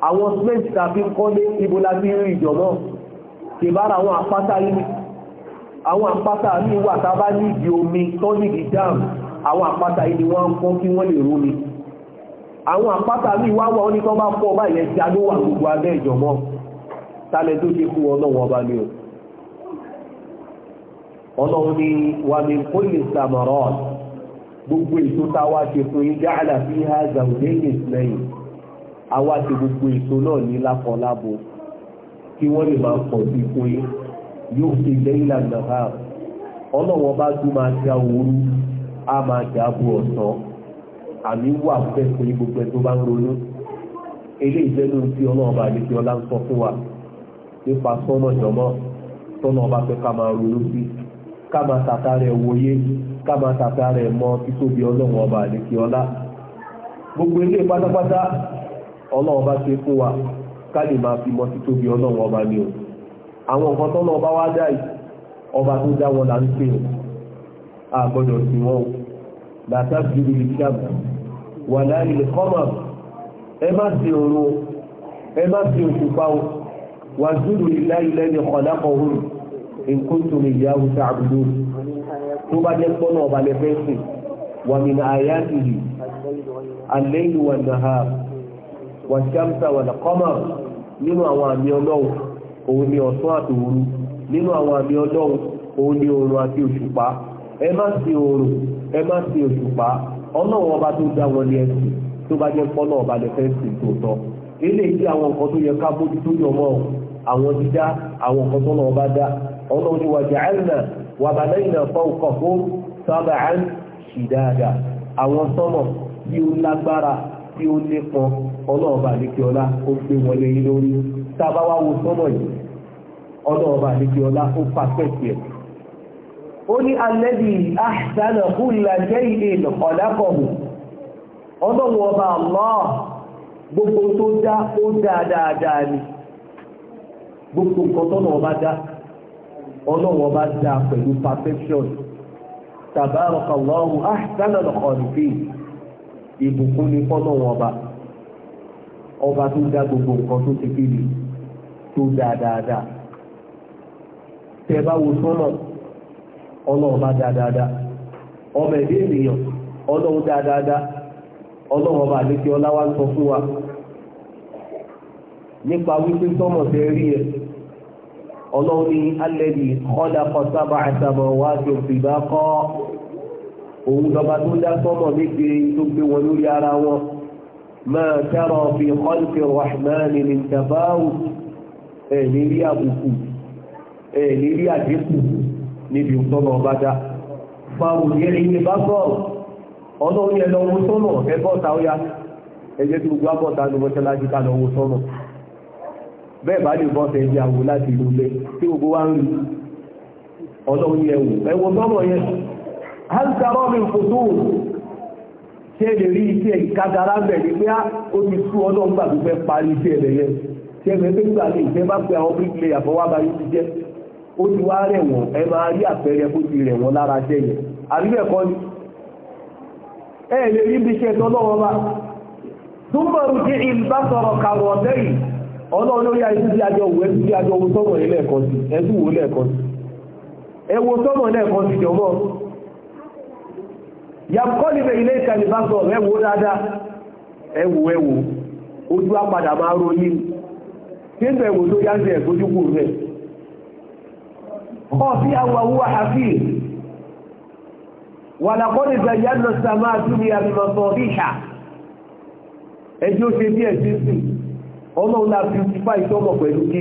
àwọn cement tàbí kọ́lé ibo la fi ń rí ìjọ náà tèbára àwọn àpáta yìí àwọn àpáta ní wà tábá ní ìdí omi tó ní ìdí dam àwọn àpáta yìí ni wọ́n ń pọ́n kí wọ́n lè rú mi àwọn àpáta ní wá wọ́n ní tó bá pọ̀ bá ilẹ̀ já ló wà gbogbo abẹ́ ìjọmọ́ tálẹ̀ tó ṣe fún ọlọ́run ní o ni wà ní kí wọ́n lè máa pọ̀ sí fún yín yóò ṣe lẹ́yìn àgbàfà ọlọ́wọ́ bá tún máa ja òru á máa ja bu ọ̀sán àmì wà fẹ́ fún gbogbo ẹ̀ tó bá ń ronú eléyìí jẹ́ ní ọlọ́wọ́ ọba fẹ́ ká máa ronú sí ká máa tàta rẹ̀ wòye ká ọba gbogbo pátápátá bá ṣe ká lè máa fi mọ sí tóbi ọlọ́run ọba ni o àwọn nǹkan tọ́nà ọba wá dá yìí ọba tó dá wọn là ń pè ọ́ a gbọ́dọ̀ sí wọn o bàtà gbìrì ìṣàbù wà láàyè lè kọ́mà ẹ má sí òru ẹ má sí òṣùpá o wà zúlù ìláyè lẹ́ni kọ̀dákọ̀ òru nǹkan tó lè yá awùsá àbúrò tó bá jẹ́ pọ́nà ọba lẹ́fẹ́ sùn wà ní àyà ìlú àlẹ́ ìlú wà nàá wàṣíámsà wàlàkọ́mà nínú àwọn àmì ọlọ́run òun ni ọ̀sán àti òru nínú àwọn àmì ọlọ́run òun ni oòrùn àti òṣùpá ẹ má sí oòrùn ẹ má sí òṣùpá ọlọ́run ọba tó dá wọn ní ẹsìn tó bá jẹ́ pọ́nà ọba lè fẹ́ sìn tó tọ́ eléyìí àwọn nǹkan tó yẹ ká bójú tó yọ mọ́ àwọn dídá àwọn nǹkan tó náà bá dá ọlọ́run ni waja'alna wa banayna fawqakum sab'an shidada tí ó lépa ọlọ́ọ̀bà àdékè ọlá ó gbé wọlé yín lórí tá a bá wá wo sọ́mọ̀ yìí ọlọ́ọ̀bà àdékè ọlá ó pa pẹ́ẹ́sì ó ní alẹ́bí ahsana kulla shay'in khalaqahu ọlọ́run ọba Allah gbogbo tó dá ó dáa dáadáa ni gbogbo nǹkan tọ́nà ọba dá ọlọ́run ọba dá pẹ̀lú perfection tabaraka Allahu ahsana al-khaliqin ìbùkún ni fọ́nà wọn ọba ọba tó dá gbogbo nǹkan tó ti kéde tó dáa dáadáa tẹ bá wo sọ́nà ọlọ́ọ̀ba dáa dáadáa ọmọ ẹ̀dẹ́ ènìyàn ọlọ́run dáa ọba àlékè ọlá ń sọ fún wa nípa wípé sọ́mọ̀ tẹ rí ẹ ọlọ́run ní alẹ́ ní kọ́dà òun lọba tó dá sọ́mọ̀ méje tó gbé wọn lórí ara wọn máa tẹ́rọ fi khalqi rahmani ní tàbáwù ẹ̀ nírí àbùkù ẹ̀ nírí àdínkù níbi sọ́mọ̀ ọba dá fáwọn yẹ ìyẹn bá sọ̀rọ̀ ọ̀nà òun yẹ lọ́wọ́ sọ́mọ̀ ẹ bọ́ta ó yá ẹjẹ́ tí gbogbo àbọ̀ta ló mọ́ṣáláṣí ká lọ́wọ́ sọ́mọ̀ bẹ́ẹ̀ bá lè bọ́ta ẹjẹ́ àwò láti ìlú lẹ tí gbogbo wa ń rí ọ̀nà òun yẹ wò ẹ̀wọ̀n sọ́mọ̀ yẹn hanzarọ́ mi fòtó tí ẹ lè rí iṣẹ́ ìkádàrá bẹ̀ ní pé ah, ó ti sú ọlọ́run gbà tó fẹ́ parí iṣẹ́ rẹ̀ yẹn tí ẹ fẹ́ gbà lè fẹ́ bá pé àwọn ti jẹ́ ó ti wá rẹ̀ ẹ máa rí àpẹẹrẹ bó ti rẹ̀ lára yẹn kọ́ ni ẹ lè rí ibi iṣẹ́ tọ́lọ́wọ́ bá ìbá sọ̀rọ̀ yàkọ́lìbẹ̀ ilé ìkàlìbásọ̀ ẹwò dáadáa ẹwò ẹwò ojú apadà máa ro yí nínú ẹwò tó yá ń rẹ̀ tó jùkú rẹ̀ ọ̀fí àwàwú àhàfí wà làkọ́lìbẹ̀ yánà sàmà túnmí àmìmọ̀sọ̀ ríṣà ẹjí ó ṣe bí ẹ̀sí sí ọmọ ńlá fi fífá ìtọ́mọ̀ pẹ̀lú sí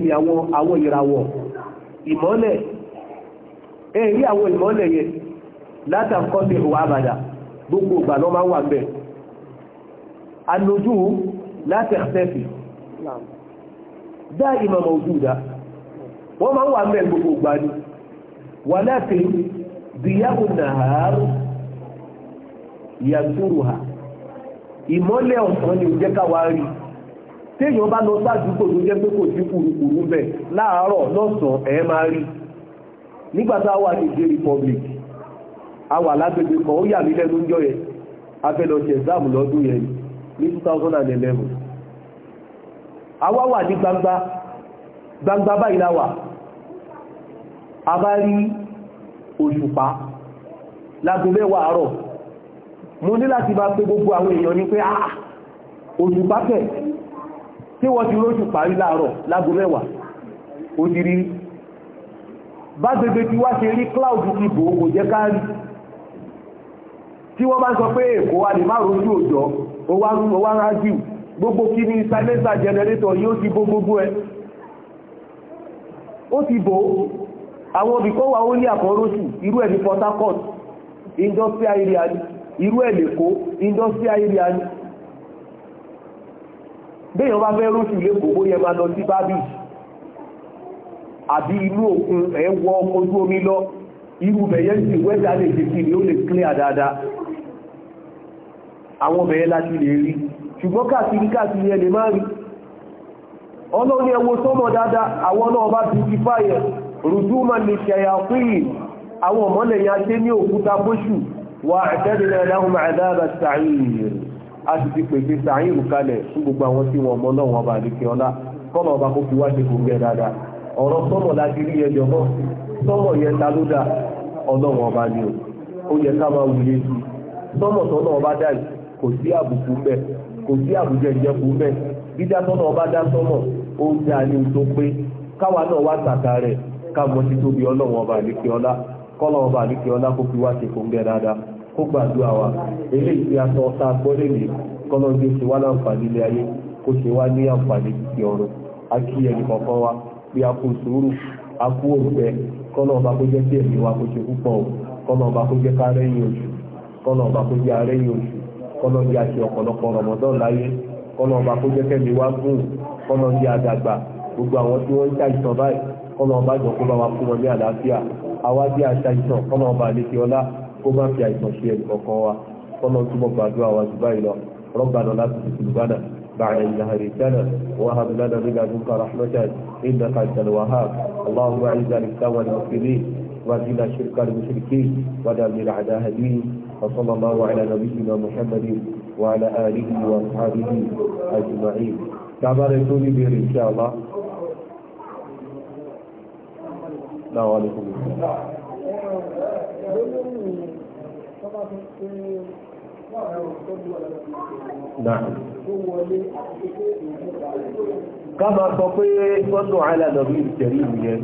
ìwà àbàdà gbogbo ìgbà lọ máa wà bẹ́ẹ̀ anojú láti ẹ̀sẹ̀fì dá ìmọ̀mọ̀ ojú dá wọ́n máa wà bẹ́ẹ̀ gbogbo ìgbà ni wà láti díyàwó nàárù yàtúrù ha ìmọ́lẹ̀ ọ̀sán ni ò káwa rí téèyàn bá lọ sádùúgbò tó jẹ́ pé kò sí kùrùkùrù bẹ̀ láàárọ̀ lọ́sàn-án ẹ̀ máa rí nígbà tá a wà ní Republic a wà lágbègbè kan ó yà mí lẹ́nu jọ yẹn a fẹ́ lọ ṣe exam lọ́dún yẹn ní 2011 àwa wà ní gbangba gbangba báyìí la wà a bá rí òṣùpá lágbo àárọ̀ mo ní láti máa pé gbogbo àwọn èèyàn ní pé ah, ah òṣùpá kẹ̀ tí wọ́n ti róṣù parí láàárọ̀ lágbo mẹ́wàá ó ti rí bá gbogbo tí wá ṣe rí cloud ti kò jẹ́ ká rí tí wọ́n bá sọ pé èkó wà ní márùn ojú òjò ó wá rájú gbogbo kí ní silencer generator yóò ti bó gbogbo ẹ ó ti bò àwọn obìkọ́ wà ó ní àkọ́rọ́sù irú ẹ̀ ní Port Harcourt industrial area ni irú ẹ̀ lẹ́kọ́ industrial area ni béèyàn bá fẹ́ rọ́sù lẹ́kọ̀ọ́ bóyẹ máa lọ sí bábí àbí inú òkun ẹ̀ wọ ọkọ̀ ojú omi lọ irú bẹ̀yẹ́ sí wẹ́dà lè fi kí ni ó lè clear dáadáa àwọn láti lè rí ṣùgbọ́n káàkiri káàkiri máa rí ọlọ́ni ẹwọ sọ́mọ̀ dáadáa àwọn ti fi fáyẹ̀ rùdúmà lè ṣẹ̀yà pín àwọn ọmọlẹ̀yìn ajé ní òkúta bóṣù wà ẹ̀tẹ́lẹ̀ ọ̀rọ̀ sọ́mọ̀ láti rí ẹjọ́ mọ́ sọ́mọ̀ yẹn ta ọlọ́run ọba ni o ó yẹ ká máa wuyé sí sọ́nà tọ́nà ọba dá yìí kò sí àbùkù mbẹ kò sí àbùjẹjẹkù mbẹ dídá tọ́nà ọba dá sọ́nà ó ń dá ní tó pé káwa náà wá tàkà rẹ̀ ká mọ ọba àlékè ọlá kọ́lọ́ ọba àlékè ọlá kó fi wá ṣe kò ń dáadáa kó wa eléyìí lé kọ́nà ọba kó jẹ́ sí ẹ̀mí wa kó ṣe púpọ̀ o kọ́nà ọba kó jẹ́ kárẹ́yìn oṣù kọ́nà ọba kó jẹ́ arẹ́yìn oṣù kọ́nà jẹ́ àṣẹ ọ̀pọ̀lọpọ̀ rọ̀mọ́dọ́ láyé kọ́nà ọba kó jẹ́ kẹ́mi wá gùn kọ́nà jẹ́ àdàgbà gbogbo àwọn tí wọ́n ń ṣàìsàn báyìí kọ́nà ọba jọ kó bá wa fún wọn ní àlàáfíà àwa بعد الدهر سنة وهب لنا من لدنك رحمة إنك أنت الوهاب اللهم أعز الإسلام والمسلمين وأذل الشرك المشركين ودم الأعداء الدين وصلى الله على نبينا محمد وعلى آله وأصحابه أجمعين كما نقول به إن شاء الله السلام عليكم نعم ká máa sọ pé sọ́dún alàdọ̀bí ìtẹ̀rí ìyẹn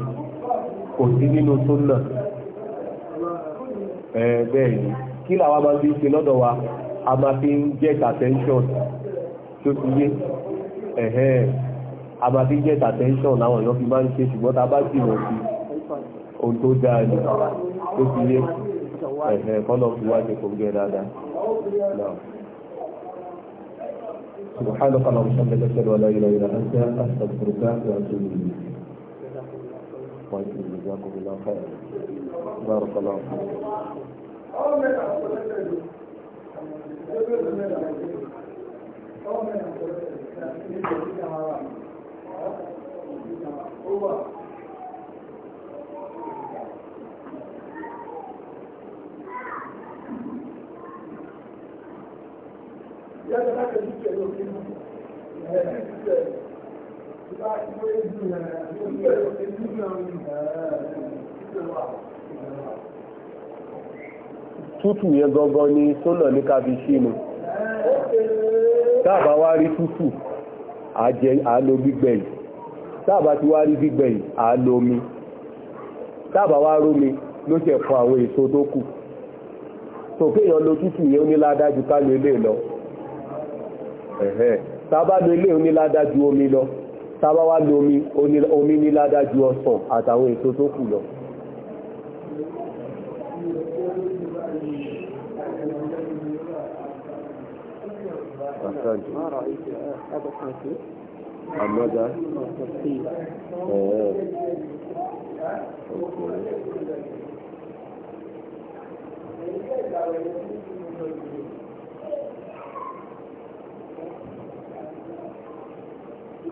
kò sí nínú súnà ẹ̀ẹ́bẹ́ẹ̀ ni kí làwa máa fi ṣe lọ́dọ̀ wa a máa fi ń get attention tó ti yé ẹ̀hẹ́n a máa fi get attention láwọn èèyàn fi máa ń ṣe ṣùgbọ́n ta bá sì wọ̀ sí ohun tó dáa ni tó ti yé ẹ̀hẹ́n kọ́nà fi wá ṣe kò gẹ́ dáadáa سبحانك اللهم وبحمدك اشهد ان لا اله الا انت استغفرك واتوب اليك وانتم جزاكم الله خيرا بارك الله فيكم Oh, man. ya da haka ni dokin tútù yẹn gọ́gọ́ ni sólọ̀ ní kàbíṣínú tàbá wá rí tútù àlò gbígbẹ̀ tàbá ti wá rí gbígbẹ̀ àlò omi tàbá wá rómi ló jẹ̀ àwọn èso tó kù lo tútù yẹn ó ní ládájú ká lè lè lọ tábà lo ilé oníládájú omi lọ tábà wá lo omi níládájú ọsàn àtàwọn èso tó kù lọ ما رأيك هذا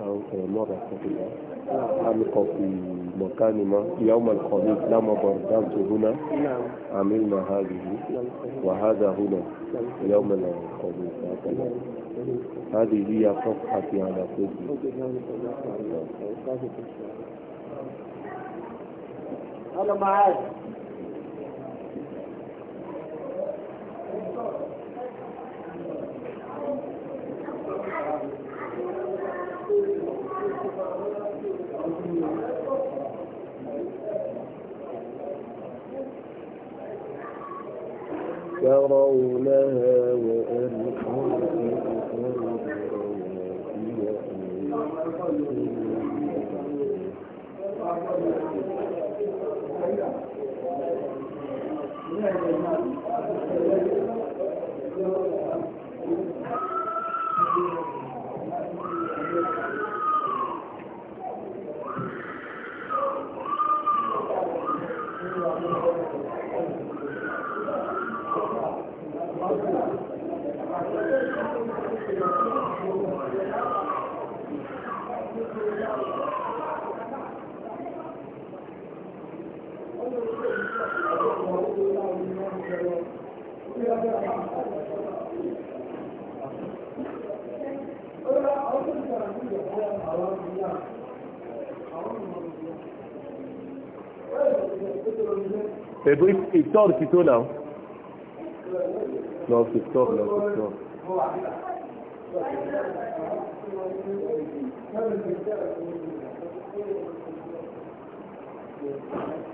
أو مرة قبل ألقى في مكان ما يوم الخميس لما بردمت هنا عملنا هذه وهذا هنا يوم الخميس هكذا هذه هي صفحتي على فيسبوك أنا معاك ترونها وأن أنفسكم Ẹ̀bú ìtọ́rù ti tó náà. Lọ sí tọ́rù lọ sí tọ́rù. Thank you.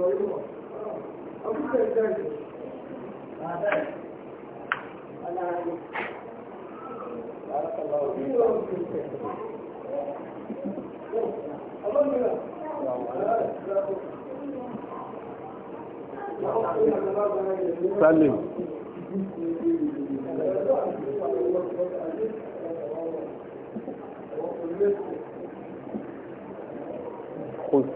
سلم خذ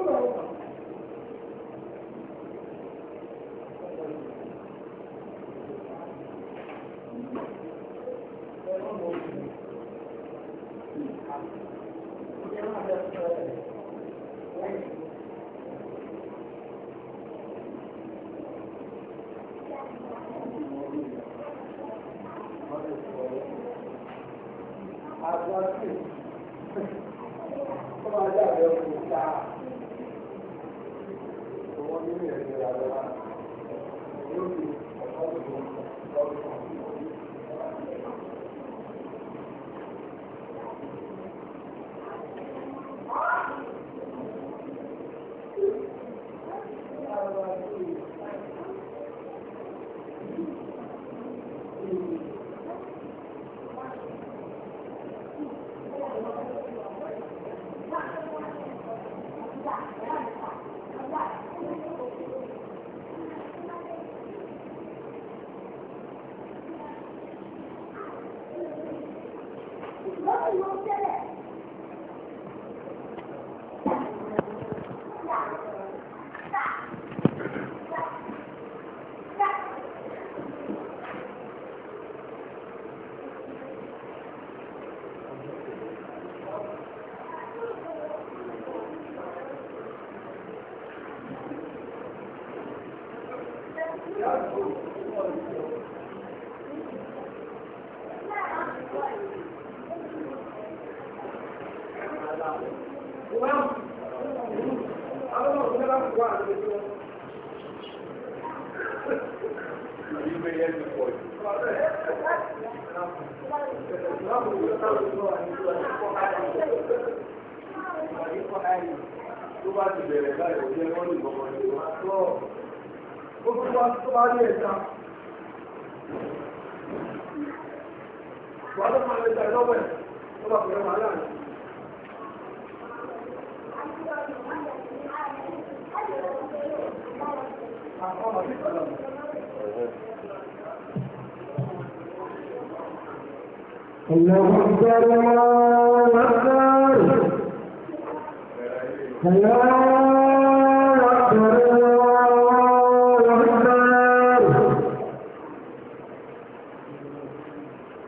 Hello. mẹ́ta wà ló máa mẹ́ta lọ́wọ́ ẹ̀ tó bá fẹ́ wà láàrin. الله أكبر الله أكبر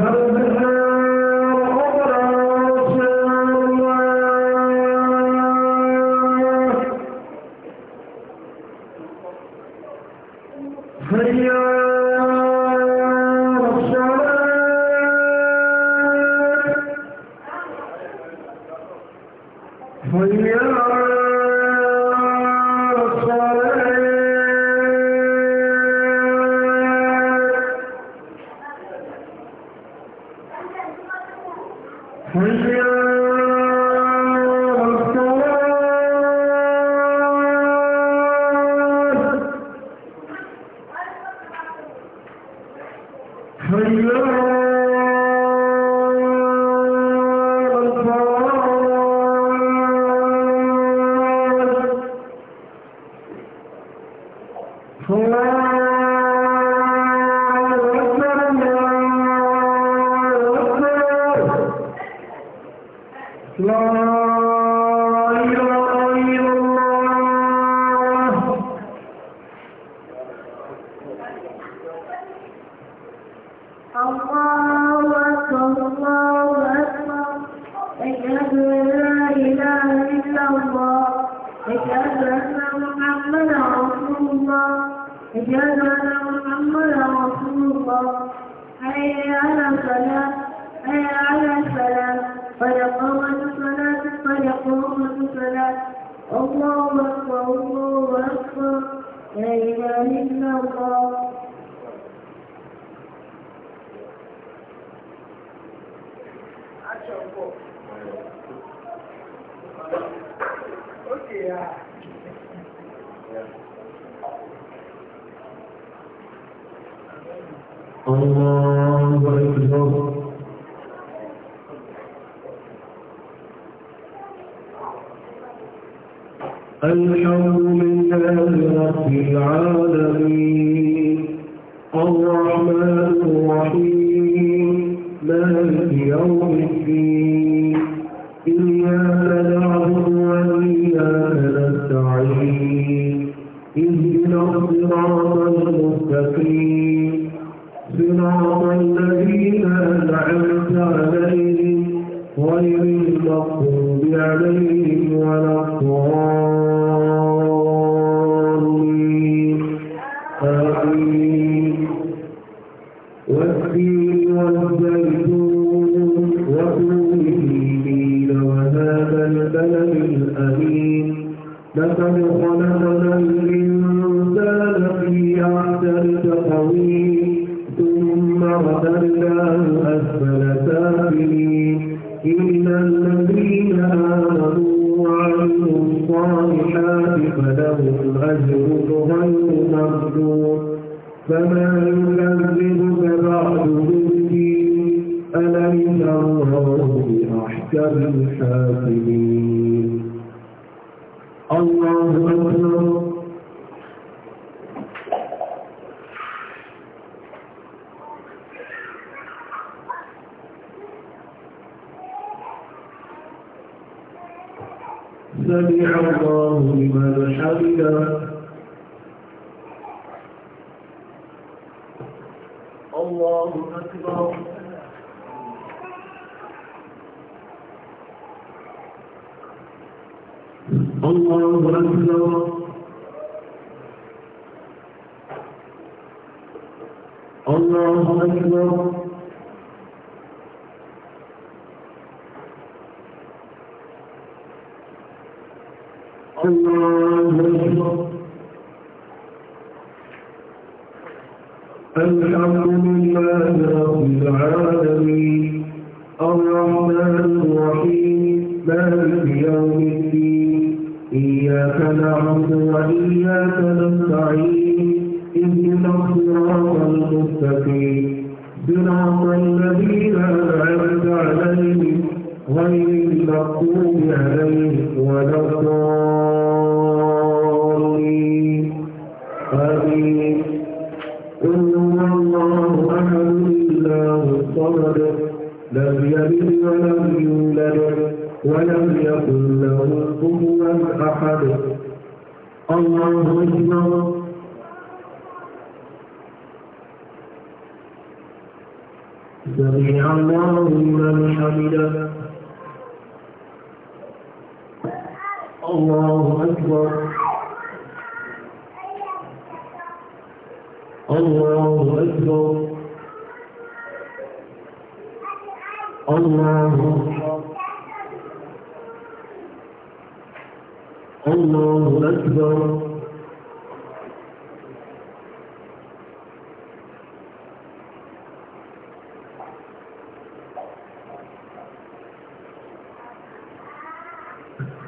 another الحميد والتين والزيتون وطول سينين وهذا البلد الأمين لقد خلق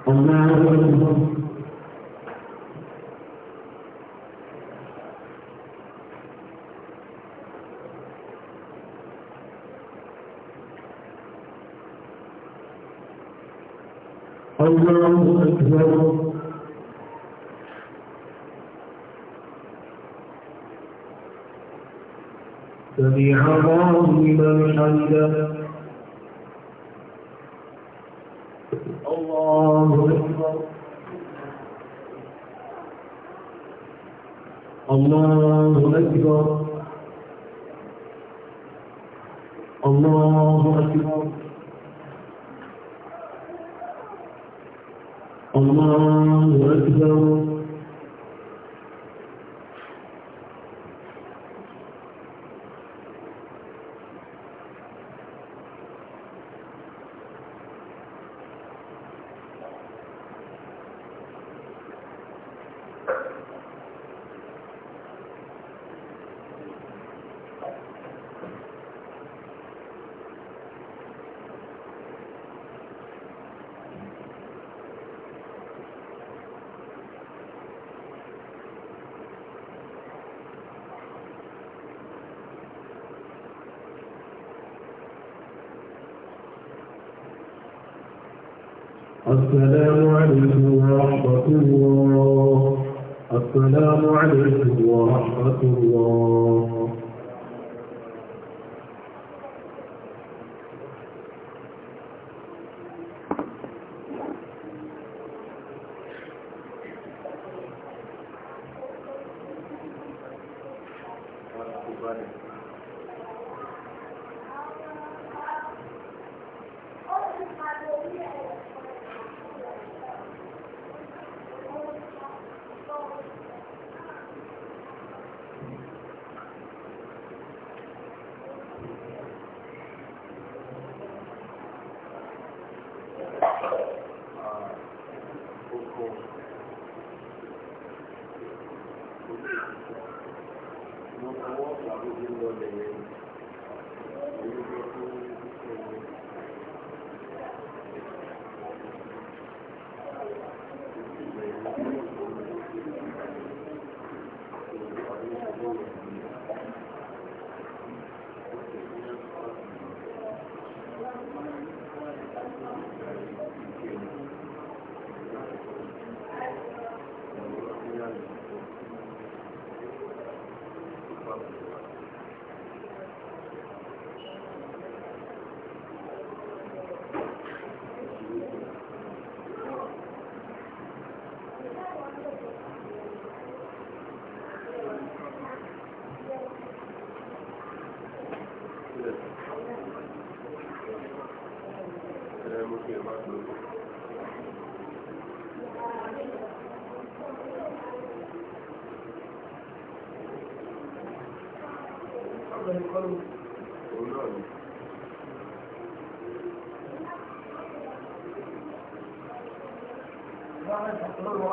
الله أكبر سمع الله لمن حمده الله أكبر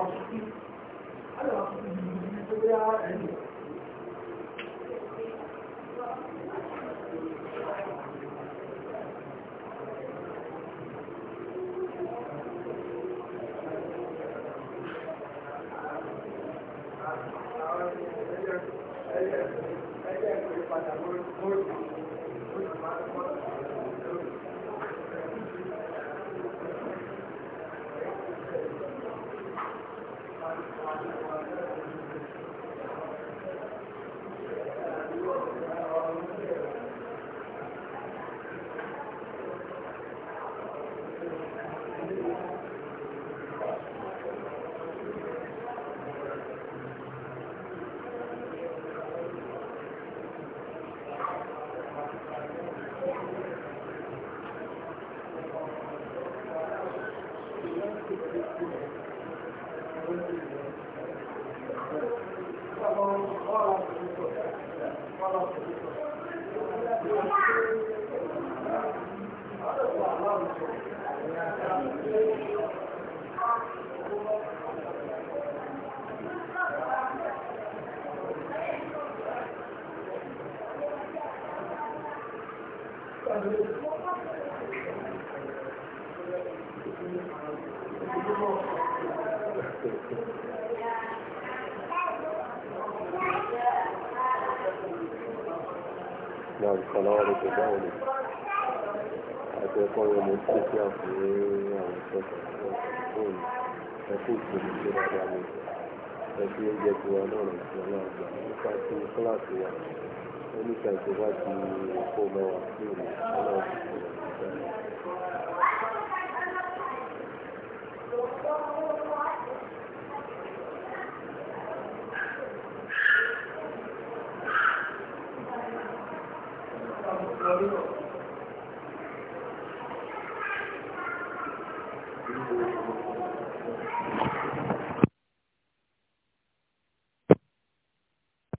ọ̀rọ̀ ìdí àti báwo ni àti ẹ̀kọ́ rẹ̀ mo ti ṣe àfihàn àwọn ìṣẹ̀kọ̀ fóònù ẹ̀kú ìṣèlú tó dáadáa ni ẹ̀kú oúnjẹ ti wà náà lọ́nà tí wọ́n gbà nípa tí kíláàsì wa ó ní ká ètò bá ti kó mẹ́wàá sí ìlú ọlọ́run ti sọ̀rọ̀ nípa rẹ̀. lọ rí ọ̀rọ̀.